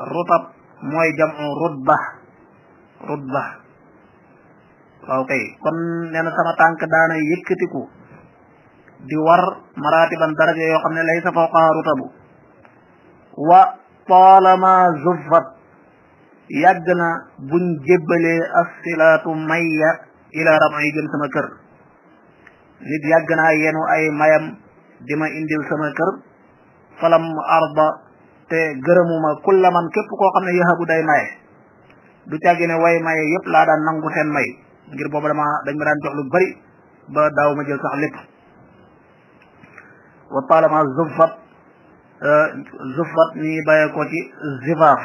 [SPEAKER 1] rutab mooy jamu rutba rutba waaw kay kon nee na sama tànk daana yëkkatiku di war maratiban daraja yoo xam ne lay sa fawqaa rutabu wa taalama zuffat yàgg na buñ jébbalee assilaatu mayya ila ram ay jëm sama kër nit yàgg naa yenu ay mayam di ma indil sama kër falam arda te gërëmuma kulla man képp koo xam ne yahabu day maye du càggi ne way maye yépp laa daan nangu seen may ngir booba dama dañ ma daan jox lu bari ba daaw ma jël sax lépp wa talama zufat euh, zufat ni bàyyee ko ci zifaaf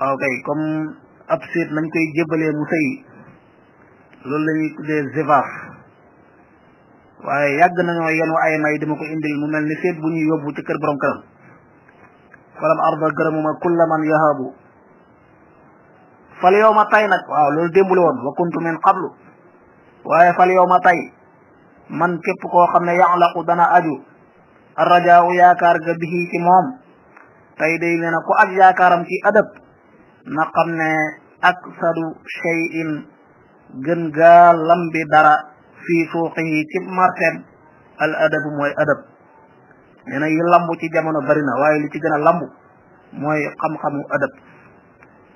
[SPEAKER 1] waaw kay comme ab seet nañ koy jébbalee mu sëy loolu la ñuy tuddee zifaaf waaye yàgg nañoo yenu ay may dama ko indil mu mel ni seet bu ñuy yóbbu ci kër borom këram walam arda gërëmuma kulla man yahabu fal yow ma tay nag waaw loolu démbule woon wa kuntu min qablu waaye fal yow ma tay man képp koo xam ne yaxlaqu dana aju arrajaawu yaakaar ga bihi ci moom tay day nee na ku ak yaakaaram ci adab na xam ne aksadu shay'in gën gaa lambi dara fii suuqihi ci marteen al adabu mooy adab nee na lamb ci jamono bari na waaye li ci gën a lamb mooy xam adab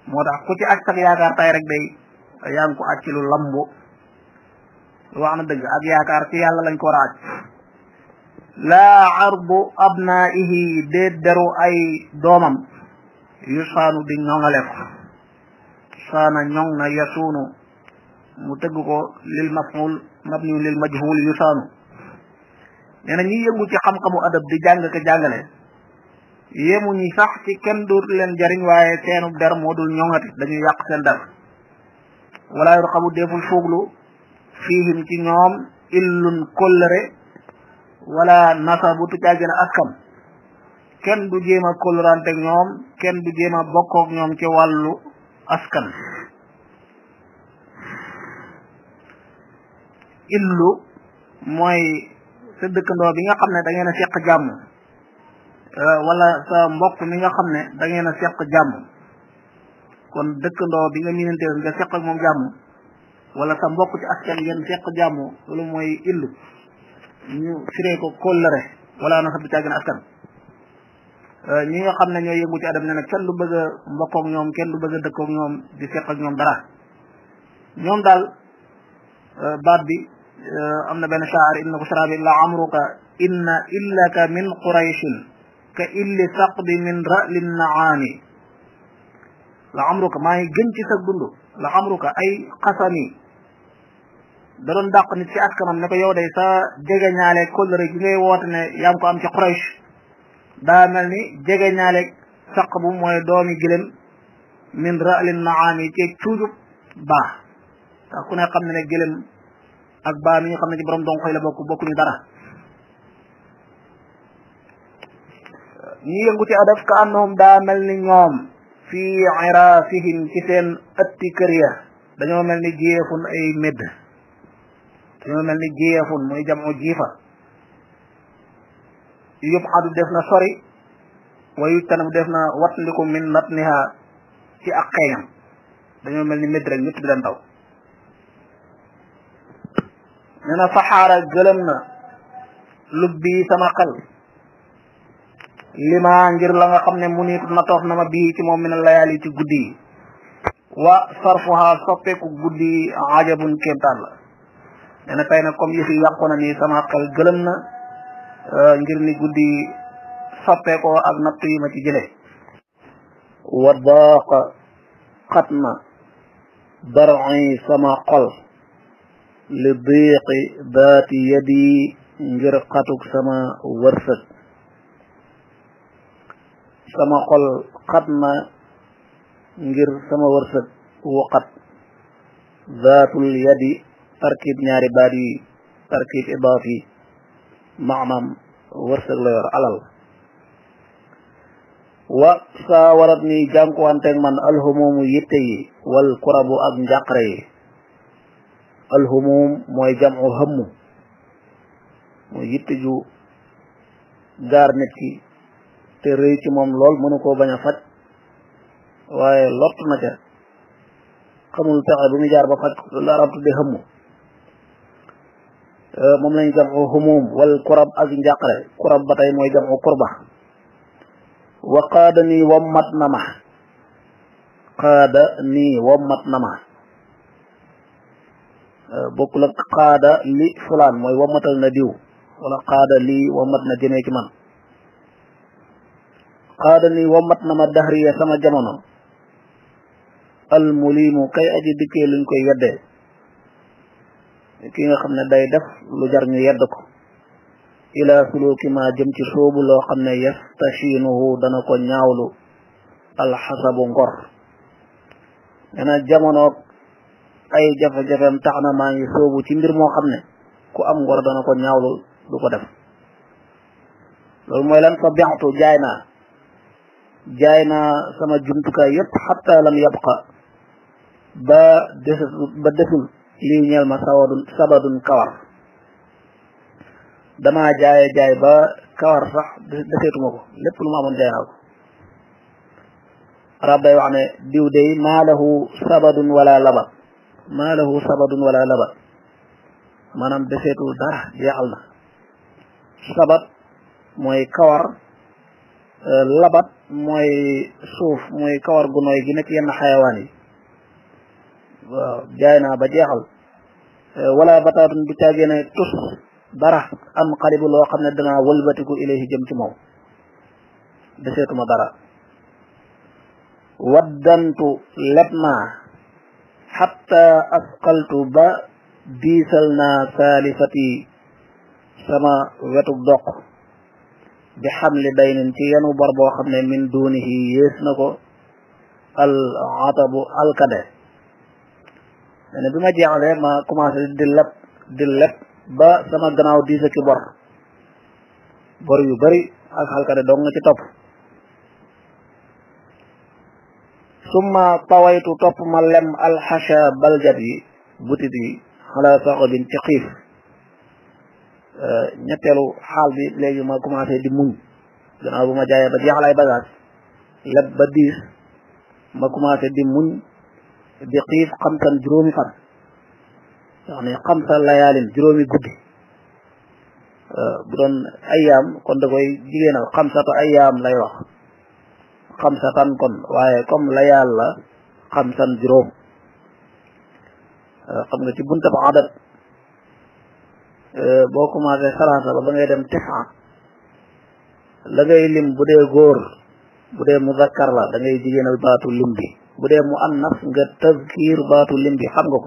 [SPEAKER 1] moo tax ku ci ak sax yaakaar tay rek day yaa ngi ko lu lambo wax na dëgg ak yaakaar ci yàlla lañ ko war a aj laa arbu abnaihi déet ay doomam yu saanu di ñoŋale ko saana na yasuunu mu tëgg ko lil maful mabni lil majhul yu saanu nee na yëngu ci xam-xamu adab di jàng ka jàngale yéemu ñi sax ci kenn dootu leen jariñ waaye seenu der moo dul ñoŋati dañuy yàq seen der wala yor xamu deful fooglu fiihim ci ñoom illun kóllëre wala nasabu tu caagin askan kenn du jéem a kóllëranteeg ñoom kenn du jéem a bokkoog ñoom ci wàllu askan illu mooy sa dëkkandoo bi nga xam ne da ngeen a seq jàmm euh, wala sa mbokk nga xam ne da seq jàmm kon dëkkandoo bi nga miinanteel nga seq ak moom jàmm wala sa mbokk ci askan ngeen seq jàmm loolu mooy illu ñu firee ko kóllëre wala na sa bi caagin askan euh, ñi nga xam ne ñoo yëngu ci adam ne nag kenn du bëgg a mbokkook ñoom kenn du bëgg a dëkkook ñoom di seq ak ñoom dara ñoom daal euh, baat bi am na benn saar inna busra bi la amruka inna illaka min qurayshin ka illi saqdi min ra'lin naani la amruka maa ngi gën ci sa dund la ay xasami da doon dàq nit ci askanam ne ko yow day sa jege ñaale kóllëre gi ngay ne yaa ngi am ci Quraysh daa mel ni jege ñaale saq bu mooy doomi gilem min ra'lin naani ci cuujub baax tax ku ne xam ne ne ak baa mi nga xam ne ci borom donk yi la bokk bokkuñu dara ñi yëngu ci adab ka annahum daa mel ni ñoom fii iraasihim ci seen ëtti dañoo mel ni jeefun ay medd dañoo mel ni jeefun muy jamu jifa yub adu def na sori wayu tanam def na watndiku min natniha ci ak xeeñam dañoo mel ni medd ñu tudd leen nee na faxaara gëlëm na lubbi sama xel lima ngir la nga ne mu na toof na ma bii ci moom mi na layaali ci guddi wa sarfuha soppeeku guddi ajabun kéemtaan la nee na tey nag comme yëf sama xel gëlëm na euh, ngir ni guddi soppeekoo ak natt yi ci jëlee wa daaqa xat na dar'i sama xol لضيق بات يدي غرقتك سما ورثت سما قل قدنا غير سما ورثت وقد ذات اليد تركيب ناري باري تركيب إضافي معمم ورثت لير علل وساورتني جانكو أنتين من الهموم يتي والقرب أجن جاقري الهموم موي جمع هم موي يتجو دار نتي تي ري تي موم لول مانوكو بانا فات واي لوط نجا خمول تاع بومي جار با فات لا رب دي هم اه، موم لاني جمع هموم والقرب از نجاقره قرب باتاي موي جمع قربه وقادني ومتنما قادني ومتنما bokkul ak qaada li fulaan mooy wamatal na diw wala qaada li wamat na jëmee ci man qaada ni wamat na ma dahriya sama jamono al mulimu kay aji dikkee luñ koy weddee ki nga xam ne day def lu jar ñu yedd ko ila suluki ma jëm ci soobu loo xam ne yastashinuhu dana ko ñaawlu alxasabu ngor nee na jamonoog ay jafe-jafeem taxna ma ngi soobu ci mbir moo xam ne ku am ngor dana ko ñaawlu du ko def loolu mooy lan fa bextu jaay naa jaay naa sama jumtukaay yépp xatta lam yabqa ba des ba desul lii ñeel ma sawadun sabadun kawar dama jaaye jaay ba kawar sax deseetuma ko lépp lu ma amoon jaay naa ko arab wax ne diw day maa lahu sabadun wala labat maa lahu sabadun wala labat maanaam deseetul dara jeexal na mooy kawar euh, labat mooy suuf mooy kawar gu nooy gi nekk yenn xayawaan yi waaw jaay naa ba jeexal euh, wala bataatun du caagee ne tus dara am xalibu loo xam ne danaa wëlbatiku ilayhi jëm ci moom deseetuma dara waddantu leb xatta asqaltu ba diisal naa saalifati sama wetu doq bi xamli daynin ci yenu bor boo xam ne min dunihi yées na ko al atabu alkade mene bi ma jeexalee ma commencé di leb di leb ba sama gannaaw diisa ki bor bor yu bari ak alkade dong a ci topp ثم طويت طب ملم الحشا بلجدي بوتيدي على صعد تقيف آه، نتلو حال بي لي ما كوماسي دي مون جنا بو جاي با دي علاي بازاج لب بديس ما كوماسي دي مون دي قيف قمتن جرومي فات يعني قمت الليال جرومي غدي آه، بودون ايام كون داكاي جيغينا خمسه ايام لاي واخ خمسة تنكن واي كم ليال خمسة جروم قم نتبون تبع عدد بوكم هذا خلاصة بابن يدم تسعة لغي لم بودي غور بودي مذكر لا دنگي جيجين البات اللم بي مؤنف نغ تذكير بات اللم بي حمقك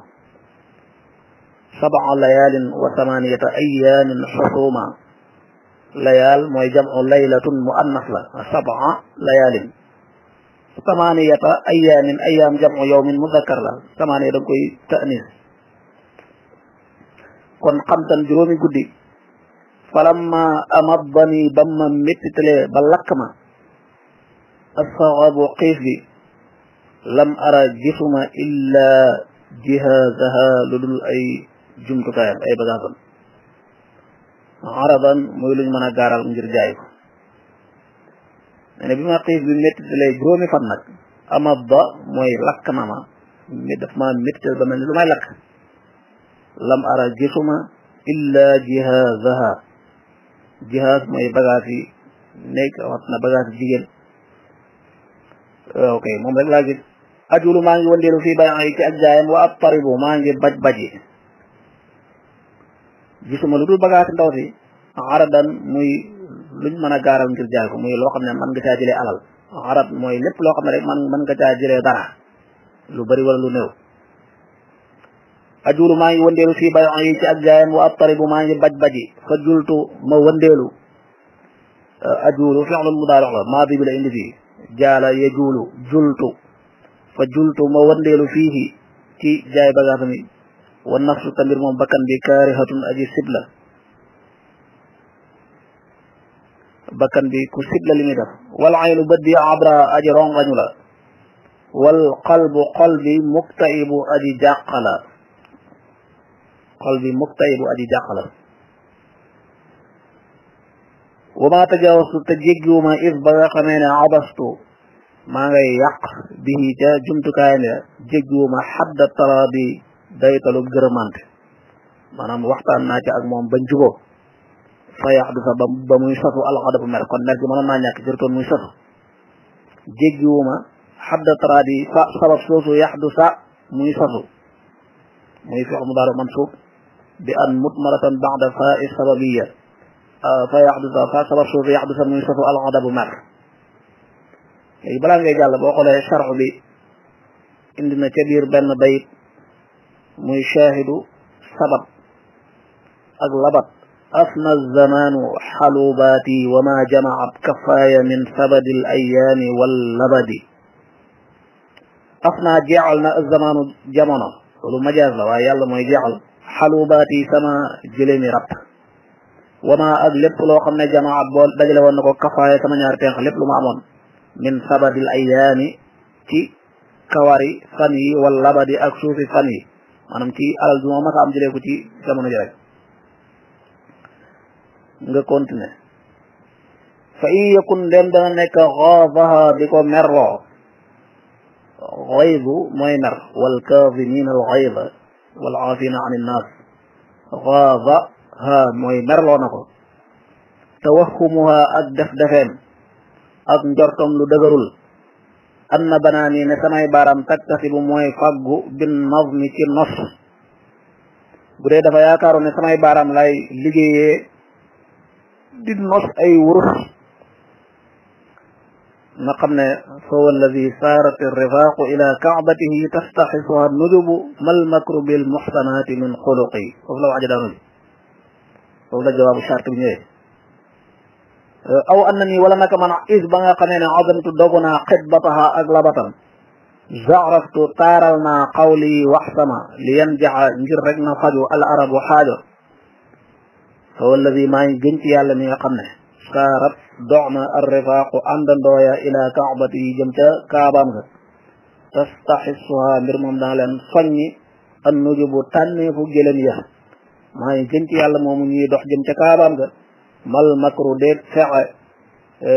[SPEAKER 1] سبع ليال وثمانية أيان حكومة ليال موي جمع ليلة مؤنث لا سبع ليال ثمانية أيام من أيام جمع يوم مذكر لا ثمانية دكوي تأنيس كون قمت جرومي قدي فلما أمضني بما متتلي بلقما الصعب قيفي لم أرى جسما إلا جهازها لدل أي جمتكا أي بغاثا عرضا ميلون من أجارة الانجر جائفة ne bi ma xiif bi métti lay juróomi fan nag ama ba mooy lakk na ma mi daf ma méttital ba mel ni lu may lakk lam ara gisuma illa jihazaha jihaz mooy bagage yi nekk wat na bagage jigéen ok moom rek laa gis ajulu maa ngi wëndeelu fii bay ay ci ak jaayam wa ab taribu maa ngi baj baji gisuma lu dul bagage ndaw si aradan muy luñ mën a gaaral ngir jaay ko muy loo xam ne mën nga caa jëlee alal arab mooy lépp loo xam ne rek man mën nga caa jëlee dara lu bari wala lu néew ajulu maa ngi wëndeelu fii bayo yi ci ak jaayam wa attaribu maa ngi baj baji fa jultu ma wëndeelu ajulu fi'lun mudaari' la maadi bi la indi fii jaala yajuulu jultu fa jultu ma wëndeelu fii ci jaay bagaasami wa nafsu tamit moom bakkan bi kaarihatun aji sibla bakkan bi ku sib la li aynu bët bi abra aji rongañu la wal qalbu xol bi muktaibu aji jàqa la bi muktaibu aji jàqa la wa maa tajaawastu te ma is ba nga xamee ne abastu maa ngay yàq bii ca jumtukaay ne jéggiwuma bi daytalu gërëmante maanaam waxtaan naa ca ak moom fa yaxdusa ba muy sosu alxadabu mer kon mer gi mënoon naa ñàkk jërtoon muy sosu jéggiwuma xadda taraadi fa sabab soosu yaxdusa muy sosu muy fiil mudaaru mansub bi an mutmaratan bada faa sababiya fa yaxdusa fa sabab soosu yaxdusa muy sosu alxadabu mer léegi balaa ngay jàll boo xoolee charx bi indi na ca biir benn bayit muy shaahidu sabab ak labat أفنى الزمان حلوباتي وما جمعت كفاية من سبد الأيام واللبد أفنى جعلنا الزمان جمعنا ولو مجازة ويالله ما يجعل حلوباتي سما جليني رب وما أغلب لو قمنا جمع بول دجل ونكو كفاية سما نارتين خلب لو معمون من سبد الأيام كي كواري سني واللبد أكسوفي سني أنا ci ألزم du ma ma am jele ko nga continuer fa yakun dem dana nek ghadha di merro merloo moy mooy mer wal kaazimiin al xayda wal aafiina an al nas ghadha ha moy merlo nako tawakhumha ak def defeem ak ndortom lu degeerul anna banani ne samay baaraam taktasibu moy faggu bin nazmi ci nos bu dee dafa yaakaaru ne samay baram lay liggéeyee دي نوص اي ورخ نقمنا فهو الذي سارت الرفاق الى كعبته تستحصها الندب ما المكر بالمحسنات من خلقي وفلو عجل جواب الشارك او انني ولما كمان عز بنا قنين عظمت دوغنا قدبتها اغلبتا زعرفت تارلنا قولي وحسما لينجع نجرقنا خجو الارب حاجر هو الذي ما ينجنت يا لم يقن سارت دعنا الرفاق عند دويا الى كعبتي جمت كابام تستحسها مرمم دالن فني النجوب تاني فوق جلن يا ما ينجنت يا لم يقن دوح جمت كابام ما المكر ديت فع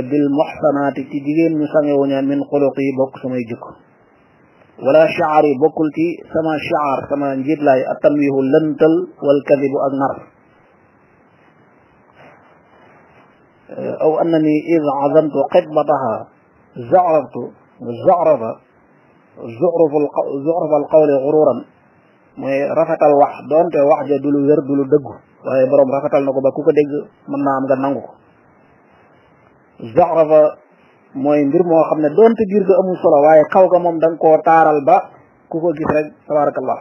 [SPEAKER 1] بالمحصنات تجيين نسانيونا من خلقي بوك سميجكو ولا شعري بوكلتي سما شعر كما نجيب لاي التنويه لنتل والكذب النرف أو أنني إذ عزمت قبضتها زعرفت زعرف زعرف زعرف القول غرورا mooy rafetal wax doonte wax ja du lu wér du lu dëggu waaye boroom rafetal na ko ba ku ko dégg mën naa am nga nangu ko zaxrafa mooy mbir moo xam ne doonte biir ga amul solo waaye xaw ga moom da nga koo taaral ba ku ko gis rek tabarakallah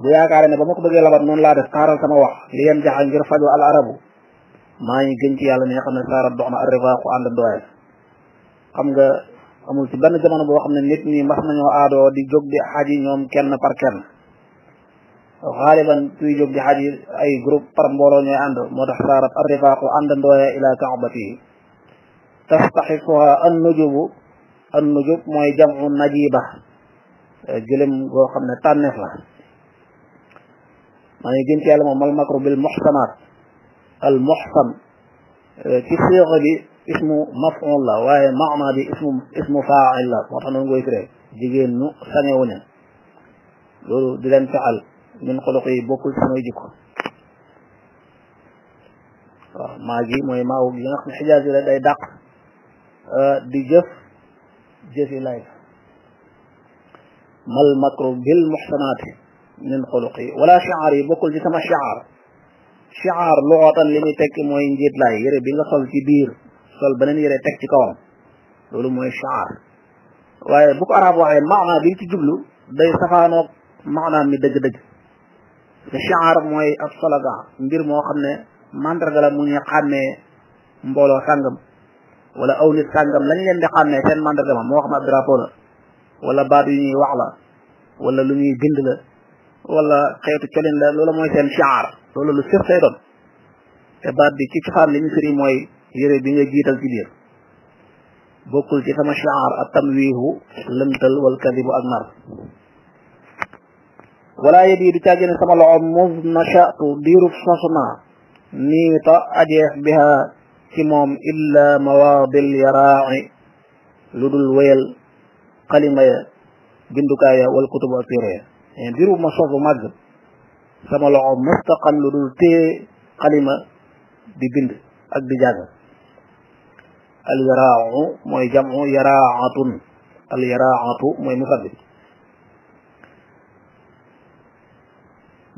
[SPEAKER 1] bu yaakaare ne ba ma ko bëggee labat noonu laa def taaral sama wax li yem jaxa ngir faju al arabu maa ngi gën yàlla mi nga xam ne saarat dox na arrivaqu ànd xam nga amul ci benn jamono boo xam ne nit ni mas nañoo aadoo di jóg di xaji ñoom kenn par kenn xaaliban kuy jóg di xaji ay groupe par mbooloo ñooy ànd moo tax saarat arrivaqu ànd ila kaabati tastaxifuha an nujubu an nujub mooy jamu najiba gëlëm goo xam ne tànneef la maa ngi gën yàlla moom mal makru bil muxsanaat المحصن في صيغه دي اسمه مفعول لا وهي معنى دي اسم فاعل لا وطن نقول كري جيجين نو سانيو نين لولو دي لن فعل من خلقي بوكل سانوي ديكو ما جي موي ماو جي نخ حجاز لا داي داق دي جف جيسي لايف ما المكر بالمحصنات من خلقي ولا شعري بوكل جسم الشعر chiaar luxootan li muy tekki mooy njiit laay yére bi nga sol ci biir sol beneen yére teg ci kawam loolu mooy chiaar waaye bu ko arab waxee maanaa bi ci jublu day safaanoog maanaa mi dëgg-dëgg te chiaar mooy ab slogan mbir moo xam ne mandarga la mu ñu xàmmee mbooloo sàngam wala aw nit sàngam lañ leen di xàmmee seen mandarga ma moo xam ab drapeau la wala baat yu ñuy wax la wala lu ñuy bind wala xeetu colin la loola mooy seen chiaar lolu lu sëf lay doon te baat bi ci xaar li ñu firi moy yére bi nga jital ci biir bokul ci sama shaar ak tamwiihu lëntal wal kadibu ak nar wala yadi du caagin sama loxo mus nashatu fasma ni ta ajeef biha ci mom illa mawadil yara'i ludul dul wéyal xalima ya wal kutubu ak en diru ma sofu magat sama loxo mustaqan lu dul téye xalima di bind ak di jàng al yaraaxu mooy jamu yaraaxatun al yaraaxatu mooy musabbi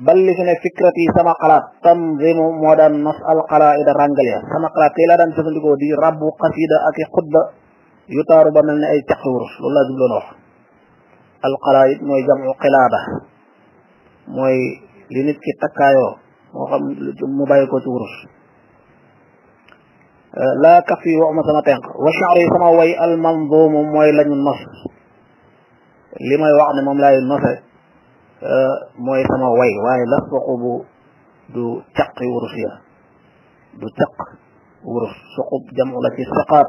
[SPEAKER 1] bal li fi ne fikrat yi sama xalaat tanzimu moo daan nos al xalaida ràngal ya sama xalaat tey laa daan jëfandikoo di rabbu xasida ak i xutba yu taaru ba mel ne ay caq wurus loolu laa jubloon wax al xalaid mooy jamu xilaada mooy li nit ki takkaayoo moo xam mu bàyyi ko ci wurus laa kaf yi waxuma sama tenk wa chaar yi sama way al manzumu mooy lañu nos li may wax ne moom laay nose mooy sama way waaye la suqubu du caqi wurus ya du caq wurus suqub jamu la ci saqaat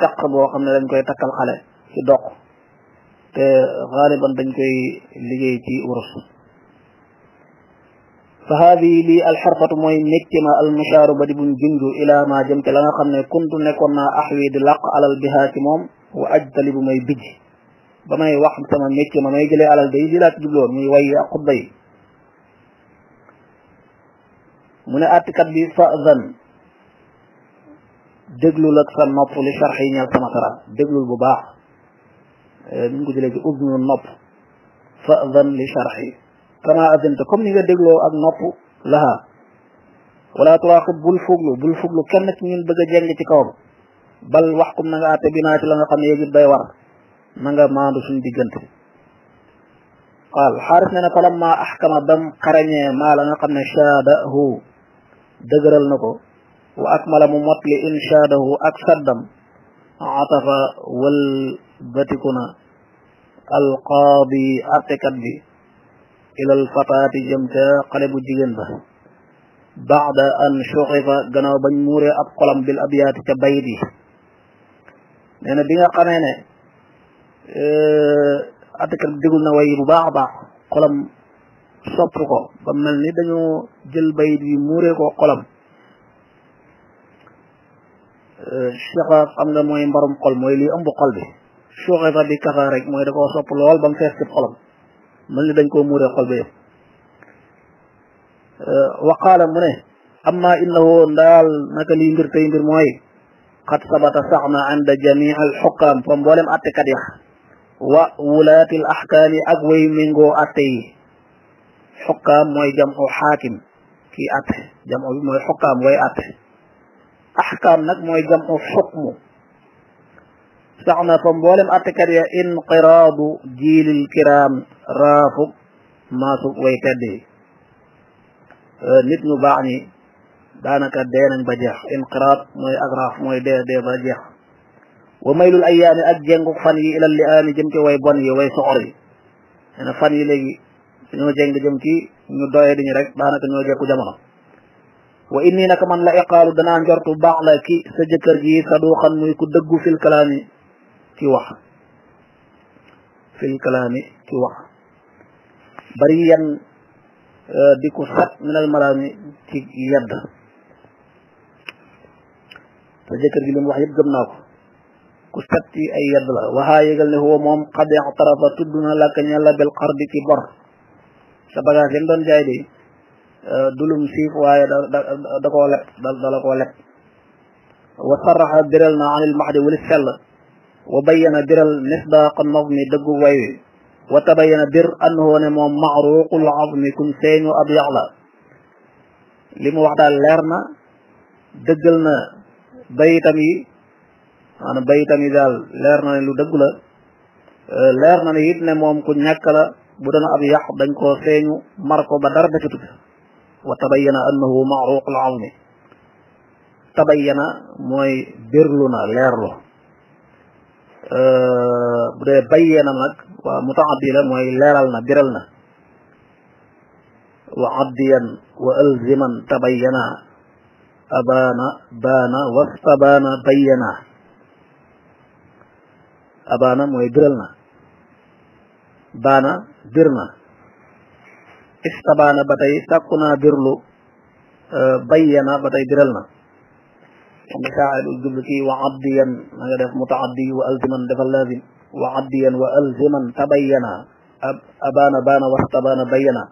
[SPEAKER 1] caq boo xam ne dañ koy takkal xale ci doq te xaaliban dañ koy liggéey ci wurus فهذه لي الحرفة موي نكتما المشار بدي بن جنجو إلى ما جمت لنا خمنا كنت نكونا أحوي دلق على البهات موم وأجتلب موي بجي بماي وحم تما نكتما ما يجلي على البيج لا تجبلون مي وي أقضي من أتكت بي فأذن déglu لك sa nopp li sarx yi الببع نقول لك أذن bu فأذن ni كما أذن تكم نيجا دغلو أك نوب لها ولا تراقب بول فوغلو بول فوغلو كان كين بغا جانغي تي كاو بل وحكم نغا اتي بنات لاغا خا نيي جيت داي وار نغا ماندو سون ديغنت قال حارث ننا فلما احكم بم قرني ما لا نغا خا نشاده دغرل نكو واكمل ممطل ان شاده اكثر دم عطف والبتكنا القاضي ارتكب بي إلى الفتاة جمتا قلب الجيجن با بعد أن شغف جناب نمور أبقلم بالأبيات كبيدي لأن بيغا قمينة آه، أتكر دقل نوائي ببعض قلم صبرك بمن لدنو جل بيدي موريك قلم آه، شغف أمنا موين برم قلم ويلي أمبو قلبي شغف بكفارك موين دقو صبر لول بمسيس قلم ملني دنجكو موري خول بي وقال مني اما انه ندال نكلي ندير تاي ندير موي قد ثبت سعنا عند جميع الحكام فمبولم اتي كديخ وولاة الاحكام اقوي منغو اتي حكام موي جمع حاكم كي اتي جمع موي حكام وي اتي احكام نك موي جمع حكم سعنا فمبولم اتي كديخ انقراض جيل الكرام raafub maasub way tedd euh, nit ñu baax ñi daanaka dee nañ ba mooy ak raaf mooy dee dee ba wa maylul ayaami ak jengu fan yi ilal li aami way bon yi way soxor fan yi léegi ñoo jeng jëm ci ñu doye diñu rek daanaka ñoo jekku jamono wa inni naka man la iqaalu danaa njortu baax la ki sa jëkkër ji saduxan muy ku dëggu fil kalaami ci wax bari yan euh, di ko sat minal malaami ci yedd te jëkkër gi li mu wax yëpp gëm naa ko ku sat ci ay yedd la waxaa yégal ne huwa moom xad ixtarafa tudd na làkk ñàlla bel xardi bor sa bagage yam doon jaay de euh, siif waaye da da koo leb da la koo wa sarraxa biral na an il mahdi wali sell wa bayyana biral misdaqa nazmi dëggu way wi وتبين بر انه نمو معروق العظم كن سين وابي اعلى لم وعد ليرنا دجلنا بيتامي انا بيتامي دال ليرنا لو دغلا ليرنا نيت نمو كو نياكلا بودنا ابي يح دنجكو سينو ماركو بدر دكتو وتبين انه معروق العظم تبين موي بيرلونا ليرلو Euh, bu dee bayyana nag waaw mutaaddi la mooy leeral na biral na wa addiyan wa alziman tabayyana abaana baana wastabaana bayyana abaana mooy biral na baana bir na istabaana ba tey sàkku naa birlu euh, bayyana ba tey biral na ومساعد الجبتي وعبديا متعدي والزما دفا لازم وعبديا والزما تبينا ابان بان واختبان بينا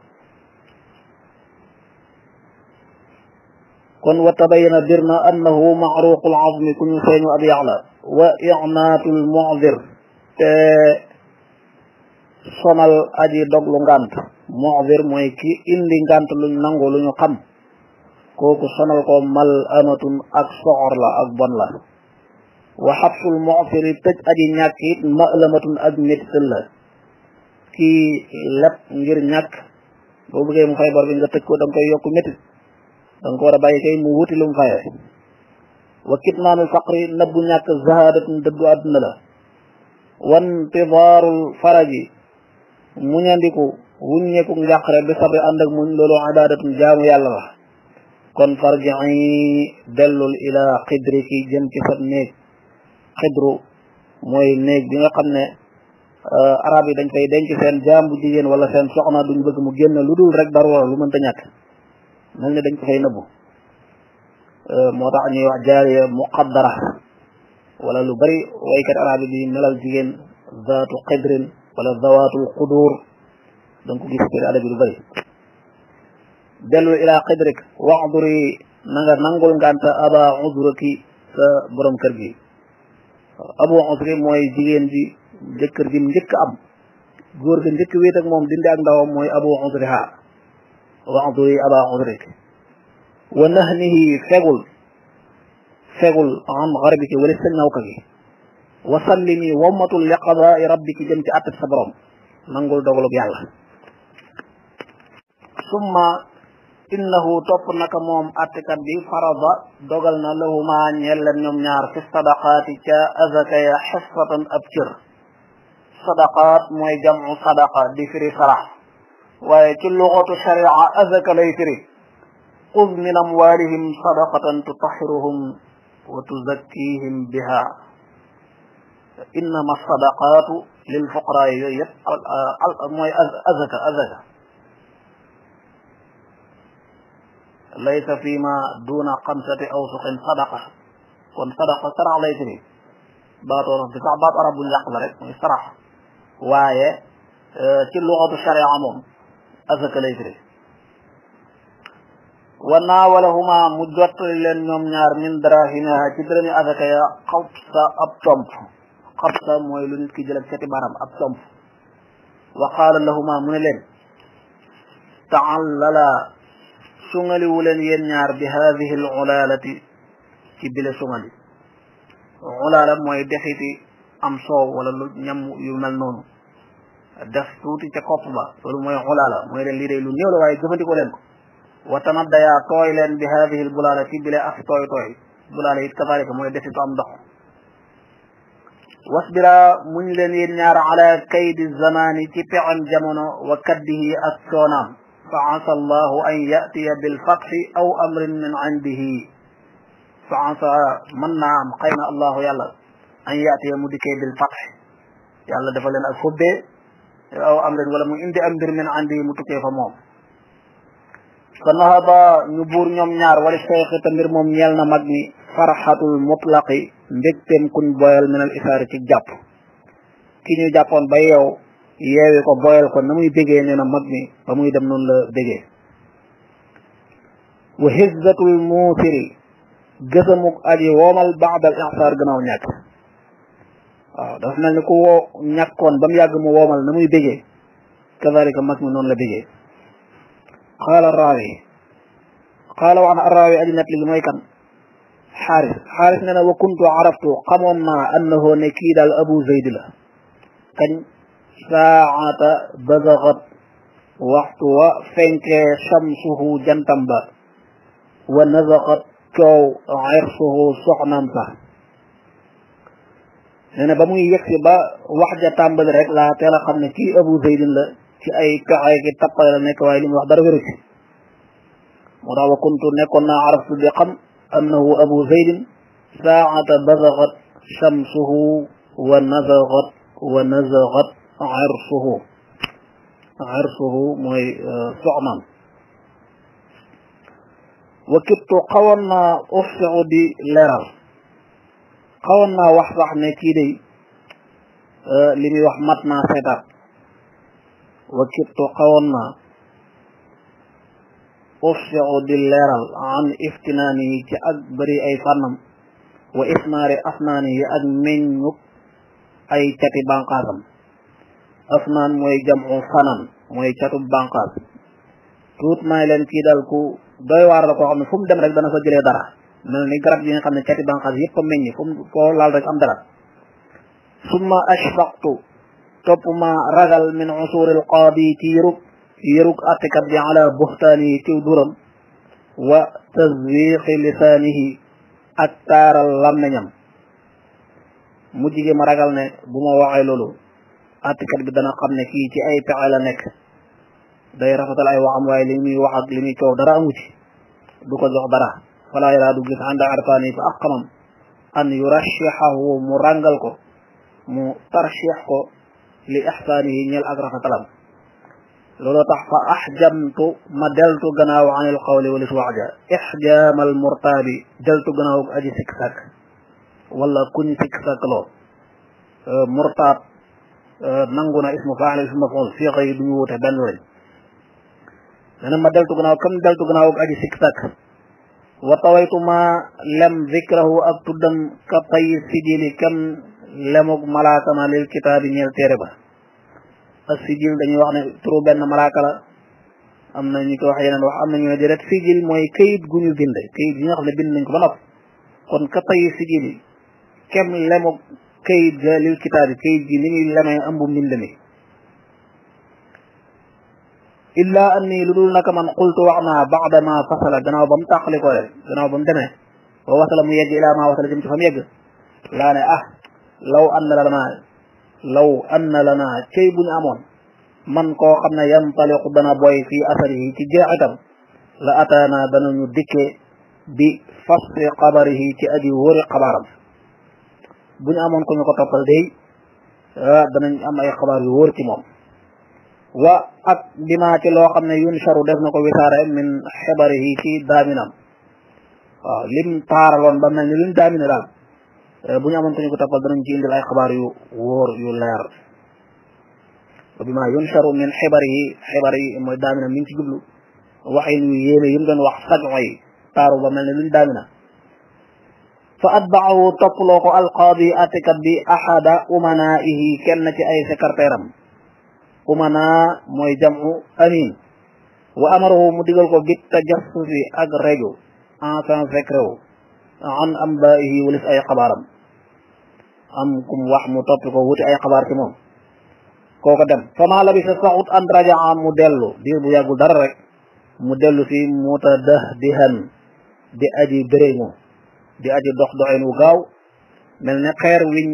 [SPEAKER 1] كن وتبين درنا انه معروق العظم كن خير ابي يعلى واعنات المعذر صمل اجي دوغلو غانت معذر موي كي اندي غانت لو نانغو لو نيو kooku sonal ko mal amatun ak soxor la ak bon la wa xabsul mocfiri tëj aji ñàkk it ak méttal la kii leb ngir ñàkk boo bëggee mu fay bor bi nga ko da nga yokku métit da ko war a bàyyi kay mu wuti lu faye wa kitmaanul faqri nëbbu ñàkk zahaadatun dëddu àdduna la wan tidaarul faraji muñandiku wuññeeku njàqare bi sabri ànd ak muñ loolu ibaadatun jaamu yàlla la kon farjii dellul ilaa xidri ki jëm ci sab néeg mooy néeg bi nga xam ne euh, arab yi dañ fay denc seen jaam jigéen wala seen soxna duñ bëgg mu génn lu dul rek darura lu mënta ñàkk mel ne dañ ko fay nëbbu euh, moo tax ñuy wax jaariya muqaddara wala lu bari waykat arab yi di melal jigéen zaatu xidrin wala zawaatul qudur donc gis ko adabi lu bari دلو الى قدرك واعذري نغر نانغول غانتا ابا عذرك سا بروم كيرغي ابو عذري موي جيجين دي جكر دي نيك ام غور دي نيك ويت اك موم دينداك داو موي ابو عذري ها واعذري ابا عذرك ونهنه فغل فغل عن غربك ولسن نوكي وصلني ومت لقضاء ربك جنت ات صبرم نانغول دوغلو يالا ثم إنه طب نك موم أتك بي فرض دغلنا له ما نيل نم نار في الصدقات كا أزكى حصة أبكر صدقات موي جمع صدقة دي فري صرح ويكل لغة شريعة أزكى ليتري خذ من أموالهم صدقة تطهرهم وتزكيهم بها إنما الصدقات للفقراء يب أزكى أزكى, أزكى. ليس فيما دون قمسة أو سق صدقة كن صدقة سرع ليتني بات ورد فع بات أرب الأخضر سرع واي آه، كل لغة الشرع عموم أزك ليتني ونا ولهما مدوط لنم نار من دراهنا كدرني أزك يا قبسة أبتم قبسة مويلون كجلب كتب عرب أبتم وقال لهما من لين تعللا sungaliwu leen yéen ñaar bi haadihi al ulaalati ci bile sungali ulaala mooy dexiti am soow wala lu ñam yu mel noonu def tuuti ca kopp ba loolu mooy ulaala mooy leen lii day lu néew la waaye jëfandikoo leen ko wa tanaddayaa tooy leen bi haadihi al bulaala ci bile ak tooy tooy bulaala it kazaalika mooy desitu am ndox wasbira muñ leen yéen ñaar ala kaydi zamaani ci pexam jamono wa kaddihi ak coonaam فعسى الله أن يأتي بالفتح أو أمر من عنده فعسى من نعم قيم الله يلا أن يأتي مدك بالفتح يلا دفلن الخب أو أمر ولا من عند أمر من عنده متكي فموم فنهضا نبور نيوم نار والشيخ تمر موم يلنا مدني فرحة المطلق مبكتم كن بويل من الإثارة الجاب كي نجابون بيو yeewi ko boyal ko na muy bégee nee na mag mi ba muy dem noonu la bégee wa hizzatul muusiri gësamuk aji woomal baadal insaar gannaaw ñàkk waaw dafa mel ni ku woo ñàkkoon ba mu yàgg mu woomal na muy bégee كذلك مكم نون لبيجي قال الراوي قال وعن الراوي أجل نتلق ميكن حارث حارث ننا وكنت عرفت قمنا أنه نكيد الأبو زيد له كان ساعة بزغت وقتها فانكر شمسه جنتمبا ونزغت كو عرشه سحنمبا لأن بمو يكسبا وحجة تامبل رك لا تلا خمنا كي أبو زيد لا كي أي كعاي كي تبقى لنا كواي لن وحدر غيرك ورا وكنت نكونا عرفت بقم أنه أبو زيد ساعة بزغت شمسه ونزغت ونزغت عرفه عرفه مي صعما آه، وكبت قوانا أفع دي لرا قوانا وحضح نكيدي آه، لمي وحمتنا سيدا وكبت قوانا أفع دي لرا عن افتنانه كأكبري أي فنم وإثمار أفنانه أدمنك أي تتبان قادم asmaan mooy jamu fanan mooy catub bànqaas tuut maay leen kii dal ku doy waar la koo xam ne fu mu dem rek dana fa jëlee dara mel ni garab yi nga xam ne cati bànqaas yëpp a meññ fu mu koo laal rek am dara summa ashfaqtu topp ma ragal min usuril qaadi ci yërug yërug attikat bi ala buxtaani ci duram wa taswiqi lisaanihi ak taaral lammeñam mujj gi ma ragal ne bu ma waxee loolu àttekat bi dana xam ne kii ci ay pexe la nekk day rafetal ay waxam waaye li muy wax ak li muy coow dara amu ci du ko jox dara fala yaraadu gis ànda arfaani fa aqamam an yurashihahu mu ràngal ko mu tarshih ko li ixsaanihi ñel ak rafetalam looloo tax fa axjamtu ma deltu gannaaw an il qawli walis waxja ixjaam al murtaabi deltu gannaaw aji sikk sàkk wala kuñ sikk sàkk loo murtaab nanguna ismu faala ismu maful fiiqa yi duñu wute nana lañ dana ma deltu gannaaw kam deltu gannaaw ak aji sikk sàkk wa tawaytu ma lem zikrahu ak tuddam ka tay sijili kam lemuk malaakama lil kitaabi ñeel téré ba ak sijil dañu wax ne turu benn malaaka la am na ñu ko wax yeneen wax am na ñu ne déedéet sijil mooy kayit gu ñu bind kayit yi nga xam ne bind nañ ko ba nopp kon ka tay sijili kem lamuk كيد للكتاب كيد من لما أنب من لمه إلا أني لدول لك من قلت وعنا بعد ما فصل جناب تخلق ولا جناب دمه ووصل ميج إلى ما وصل جمت فميج لا أه لو أن لنا لو أن لنا كيب أمون من قو خمنا ينطلق بنا بوي في أثره تجاع لا لأتانا بنا ندك بفصل قبره تأدي ور قبارم bu amoon ko ñu ko toppal day ah, danañ am ay xabaar yu wóor ci moom wa ak bima ci loo xam ne yun charu def na ko wisaare min xebarihi ci daaminam waaw lim taaraloon ba mel ni luñ daamine daal eh, bu ñu amoon ko ñu ko toppal danañ ci indil ay xabaar yu wóor leer wa bima yun charu min xebarihi xebar yi mooy daaminam mi ngi ci jublu waxin yu mu doon wax sago yi taaru ba mel ne luñ daamina fa atbaahu topploo ko alqaadi attekat bi ahada umanaihi kenn ci ay secrétaire am umana mooy jamu amin wa amarahu mu digal ko bit tajassusi ak rejo encen secret wu an ambaihi walis ay xabaaram am kum wax mu toppi ko wuti ay xabaar ci moom kooko dem fama labisa saxut an rajaa mu dellu diir bu yàggul dara rek mu dellu si mutadahdihan di aji bërëy moom di aji dox doxin nu gaaw mel xeer wiñ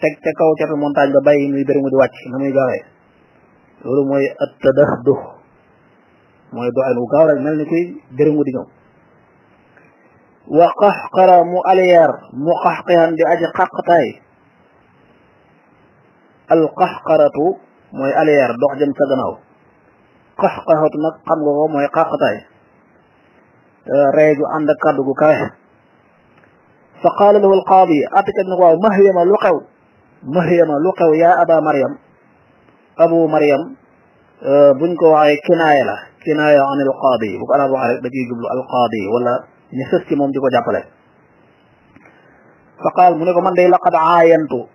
[SPEAKER 1] tek te kaw ci montagne ba bàyyi muy bëri mu di wàcc namuy muy lolu moy at tadakhdu moy mooy doxin wu gaaw rek mel ni kuy bëri mu di ñow wa qahqara mu aliyar mu qahqihan di aji xaqtaay al qahqaratu moy aliyar dox jëm sa gannaaw qaxqaratu nak xam nga ko mooy xaqtaay reeju ànd kàddu gu kawe فقال له القاضي أتك النواو مهيما لقو مهيما لقو يا أبا مريم أبو مريم آه، بنكو عي كناية له كناية عن القاضي وقال أبو عارف بدي يقول القاضي ولا نسست موم ديكو جابله فقال منكو من دي لقد عاينتو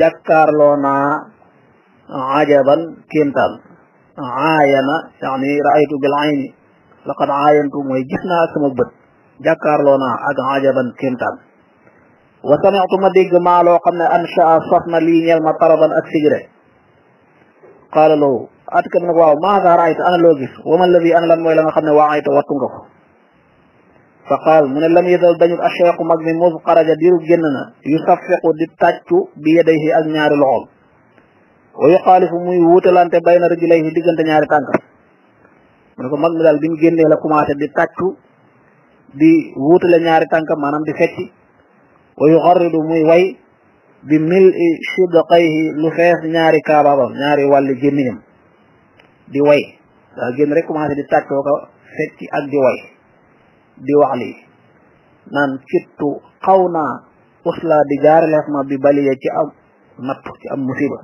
[SPEAKER 1] جكار لنا عجبا كنتا عاين يعني رأيت بالعين لقد عاينتو ما يجسنا سمو جاكار لونا اك عجبا كنتان وسمعت ما ديغ ما لو خمنا انشا صفنا لي نيل ما طربا اك سيغري قال له اتكن واو ما ذا رايت انا لو غيس وما الذي انا لم ولا خمنا وايت واتونغو فقال من لم يذل دنيو الشيخ مغني موز قرج ديرو جننا يصفق دي تاتو بيديه اك نيار لوم ويقالف مي بين رجليه ديغنت نيار تانك من ko magmi dal bin genné la commencé di di la ñaari tank manam di fecci wa yugarridu muy way bi mil shidqayhi lu fees ñaari kaabaabam ñaari wàlli gémmiñam di way da génn rek ma di takko ko fecci ak di way di wax li nan kittu qawna usla di jaar lef ma bi baliya ci am natt ci am musiba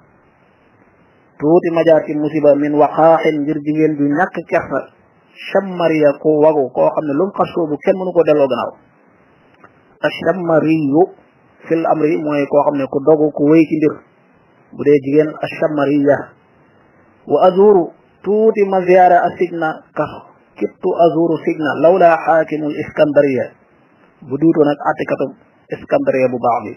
[SPEAKER 1] tuti ma ci musiba min waqaaxin ngir jigéen ju ñàkk kersa shamariya ko wagu koo xam ne lu mu xas soobu kenn mënu ko delloo gannaaw ashamariyu fil amri mooy koo xam ne ku dogu ku wéy ci mbir bu dee jigéen ashamariya wa azuru tuuti ma ziyaara a signa ka kittu azuru signa lawla xaakimul iskandariya bu duutoo nag attikatum iskandariya bu baax bi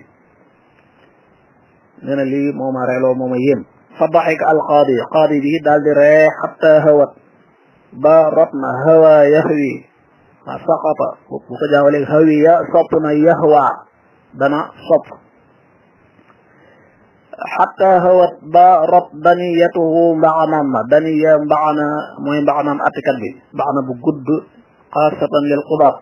[SPEAKER 1] nee na lii moo ma reeloo moo ma yéem fa daxik alqaadi qaadi bi daal di ree xatta hawat ba rot na hawa yaxwi ma saqata bu ko jaawalee hawi ya sopp na yaxwa dana sopp xatta hawat ba rot daniyatuhu mbaxanaam ma daniya mbaxana mooy mbaxanaam attikat bi mbaxana bu gudd xaasatan lil xubaab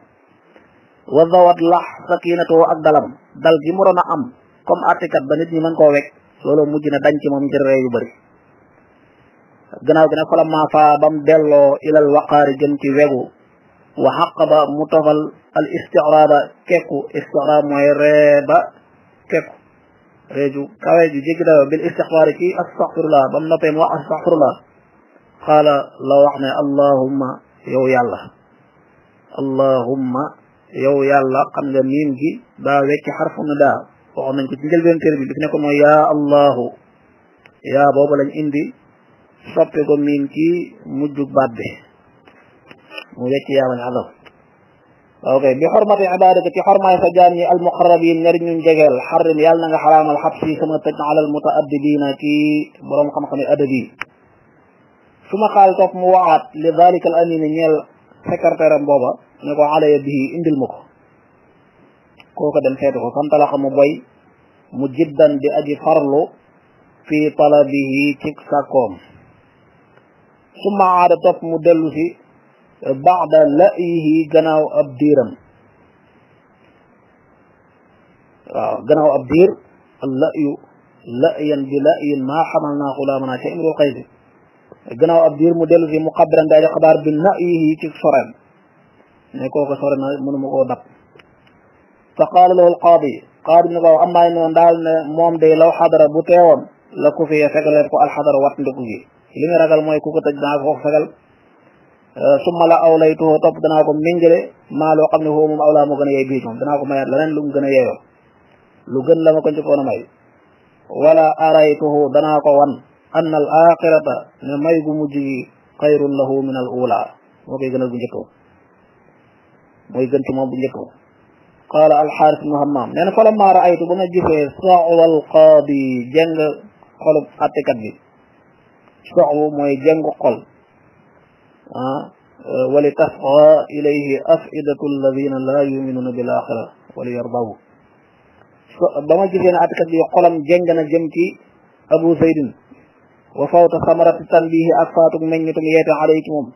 [SPEAKER 1] wa dawat lax sakinatuhu ak dalam dal gi mu doon a am comme attikat ba nit ñi mën koo wekk loolu mujj na dañ ci moom njërëree yu bëri gannaaw gi nag ma fa bam delloo ilal waqaari jëm ci wegu wa xaqaba mu tofal al istiraada kekku istiraab mooy reeba kekku reeju kawe ju jéggi dayo bil istixfaari ci astaxfirullah bam noppee mu wax astaxfirullah qaala la wax ne allahumma yow yàlla allahumma yow yàlla xam nga miim gi daa wecc xarfu na daa waxoon nañ ko ci njëlbeen bi li fi nekkoon mooy yaa allahu yaa boobu lañ indi soppe ko miim ci mujjug baat bi mu wecc yaaman azam waaw kay bi xormati ibadati ci xormaay sa jaam ñi almuqarrabin ñari ñun jegeel xarrim yàlla na nga xaraamal xabsi sama tëj na alal mutaaddibiina ci borom xam-xami adab yi su ma xaal topp mu waxaat li dalika al amine ñeel secrétaire am booba ne ko alaya bii indil ma ko kooko dem seetu ko fantalaxa mu boy mu jiddan di aji farlu fi talabihi ci sàkkoom ثم عاد طف مدلوه بعد لئيه جناو أبديرم جناو أبدير اللئي لئيا بلئي ما حملنا غلامنا شيء من القيد جناو أبدير مدلوه مقبرا بعد قبار بنئيه تكسرم نكو كسر من مغضب فقال له القاضي قاضي نبا أما إنه دالنا موم دي لو حضر بوتيون لكو في فقلت الحضر وقت لكو li mu mooy ku ko tëj danaa ko fegal euh, summa la aw topp danaa ko méngale maa loo xam ne foofu moom aw laa moo gën a mayaat leneen lu mu gën lu gën la ma ko njëkkoon may wala araytuhu danaa ko wan anna al axirata ne may gu mujj gi lahu min al ula moo koy gënal bu njëkk mooy gën ci bu njëkk hammaam nee falammaa raaytu ba ma gisee saawal qaadi jeng xolub attekat شعب ما جانغ خول آه؟ آه، ولتفقى إليه أفئدة الذين لا يؤمنون بالآخرة وليرضوا بما جزينا أتكد يقولم جنجنا جمكي أبو زيد وفوت ثمرة تنبيه أفات من يتم يأتي عليكم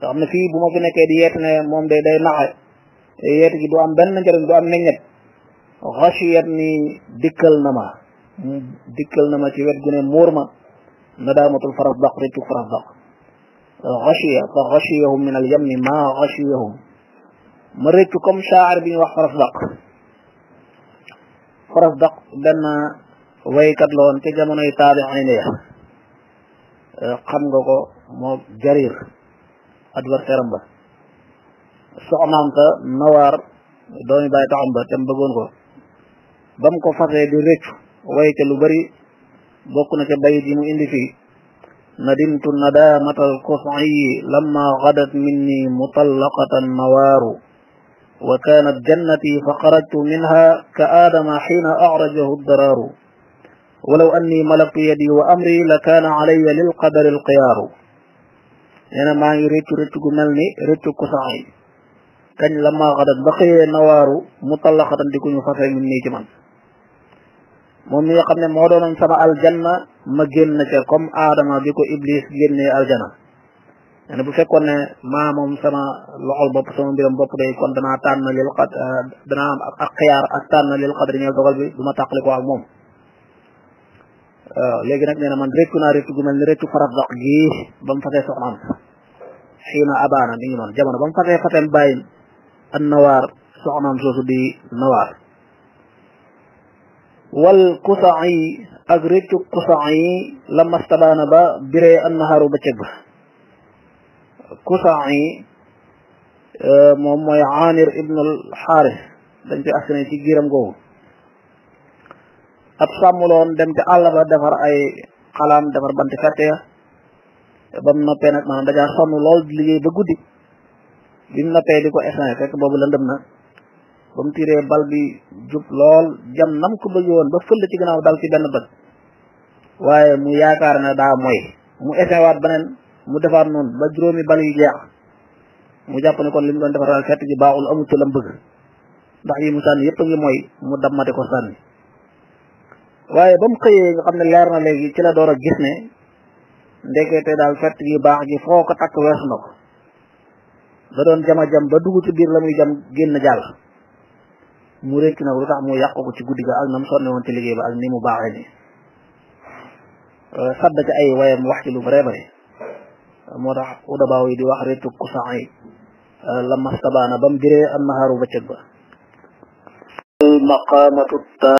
[SPEAKER 1] تعمل في بما جزينا كيد يأتنا دي دي معه يأتي دو أم بنا جرن دو أم من غشي يبني دكال نما دكال نما كيوات جنة مورما ندامة الفرزدق رج فرزدق غشية فغشيهم من اليم ما غشيهم مريتكم شاعر بن وح فرزدق فرزدق بنا ويكد لون تجمون يتابع عينيه قمقو مو جرير أدور ترمبا سعمانك نوار دوني بايت عمبا تنبغون بمكو فغي دي ريتو ويكي لبري بوكنا كباي دينو اندي في ندمت الندامة القصعي لما غدت مني مطلقة النوار وكانت جنتي فخرجت منها كآدم حين أعرجه الضرار ولو أني ملكت يدي وأمري لكان علي للقدر القيار أنا ما يريد ريت كملني ريت كسعي كان لما غدت بقي النوار مطلقة ديكو فخر مني جمال moom mi nga xam ne moo doonoon sama aljanna ma génn ca comme aadama bi ko iblis génnee aljana ne bu fekkoon ne maa moom sama loxol bopp sama mbiram bopp day kon danaa tànn lil qad euh, danaa am ak xiyaar ak tànn lil qadri ñeel dogal bi du ma tàqalikoo ak moom waaw euh, léegi nag nee na man réccu naa réccu gu mel ni réccu faradaq gii ba mu fasee soxnaam xiina abaana mi ngi noonu jamono ba mu fasee fatem bàyyi an nawaar soxnaam soosu di nawaar wal kusan yi ak réccu kusan yi la mastabaana ba biree annahaaru ba cëgg kusan yi euh, moom mooy Aamir ibn xaaris dañ koy askan ci giram googu ab sàmmloon dem ca àll ba defar ay xalaam defar banti ferte ya ba noppee nag maanaam dajaa sonn lool liggéey ba guddi bi noppee di ko échangé fekk boobu lëndëm na ba mu tiree bal bi jub lool jam nam ko bëgge woon ba fëll ci ganaaw dal ci benn bët waaye mu yaakaar na daa mooy mu essewaat beneen mu defaat noonu ba juróomi bal yi jeex mu jàpp ne kon li mu doon defar daal fett ji baaxul amul ci lam bëgg ndax yi mu sànni yëpp a ngi mooy mu dammate ko sànni waaye ba xëyee nga xam ne leer na léegi ci la door a gis ne ndekete daal fett gi baax gi foo ko takk weesu na ko da doon jama jam ba dugg ci biir la muy jam génn jàll mu rëcc nag lu tax yàq ko ci guddi ga ak na mu sonne woon mu baaxee ni ay wayam wax lu bare bare moo tax udabaaw yi di wax rëccu ku saan yi la mastabaana ba mu biree an naharu bëccëg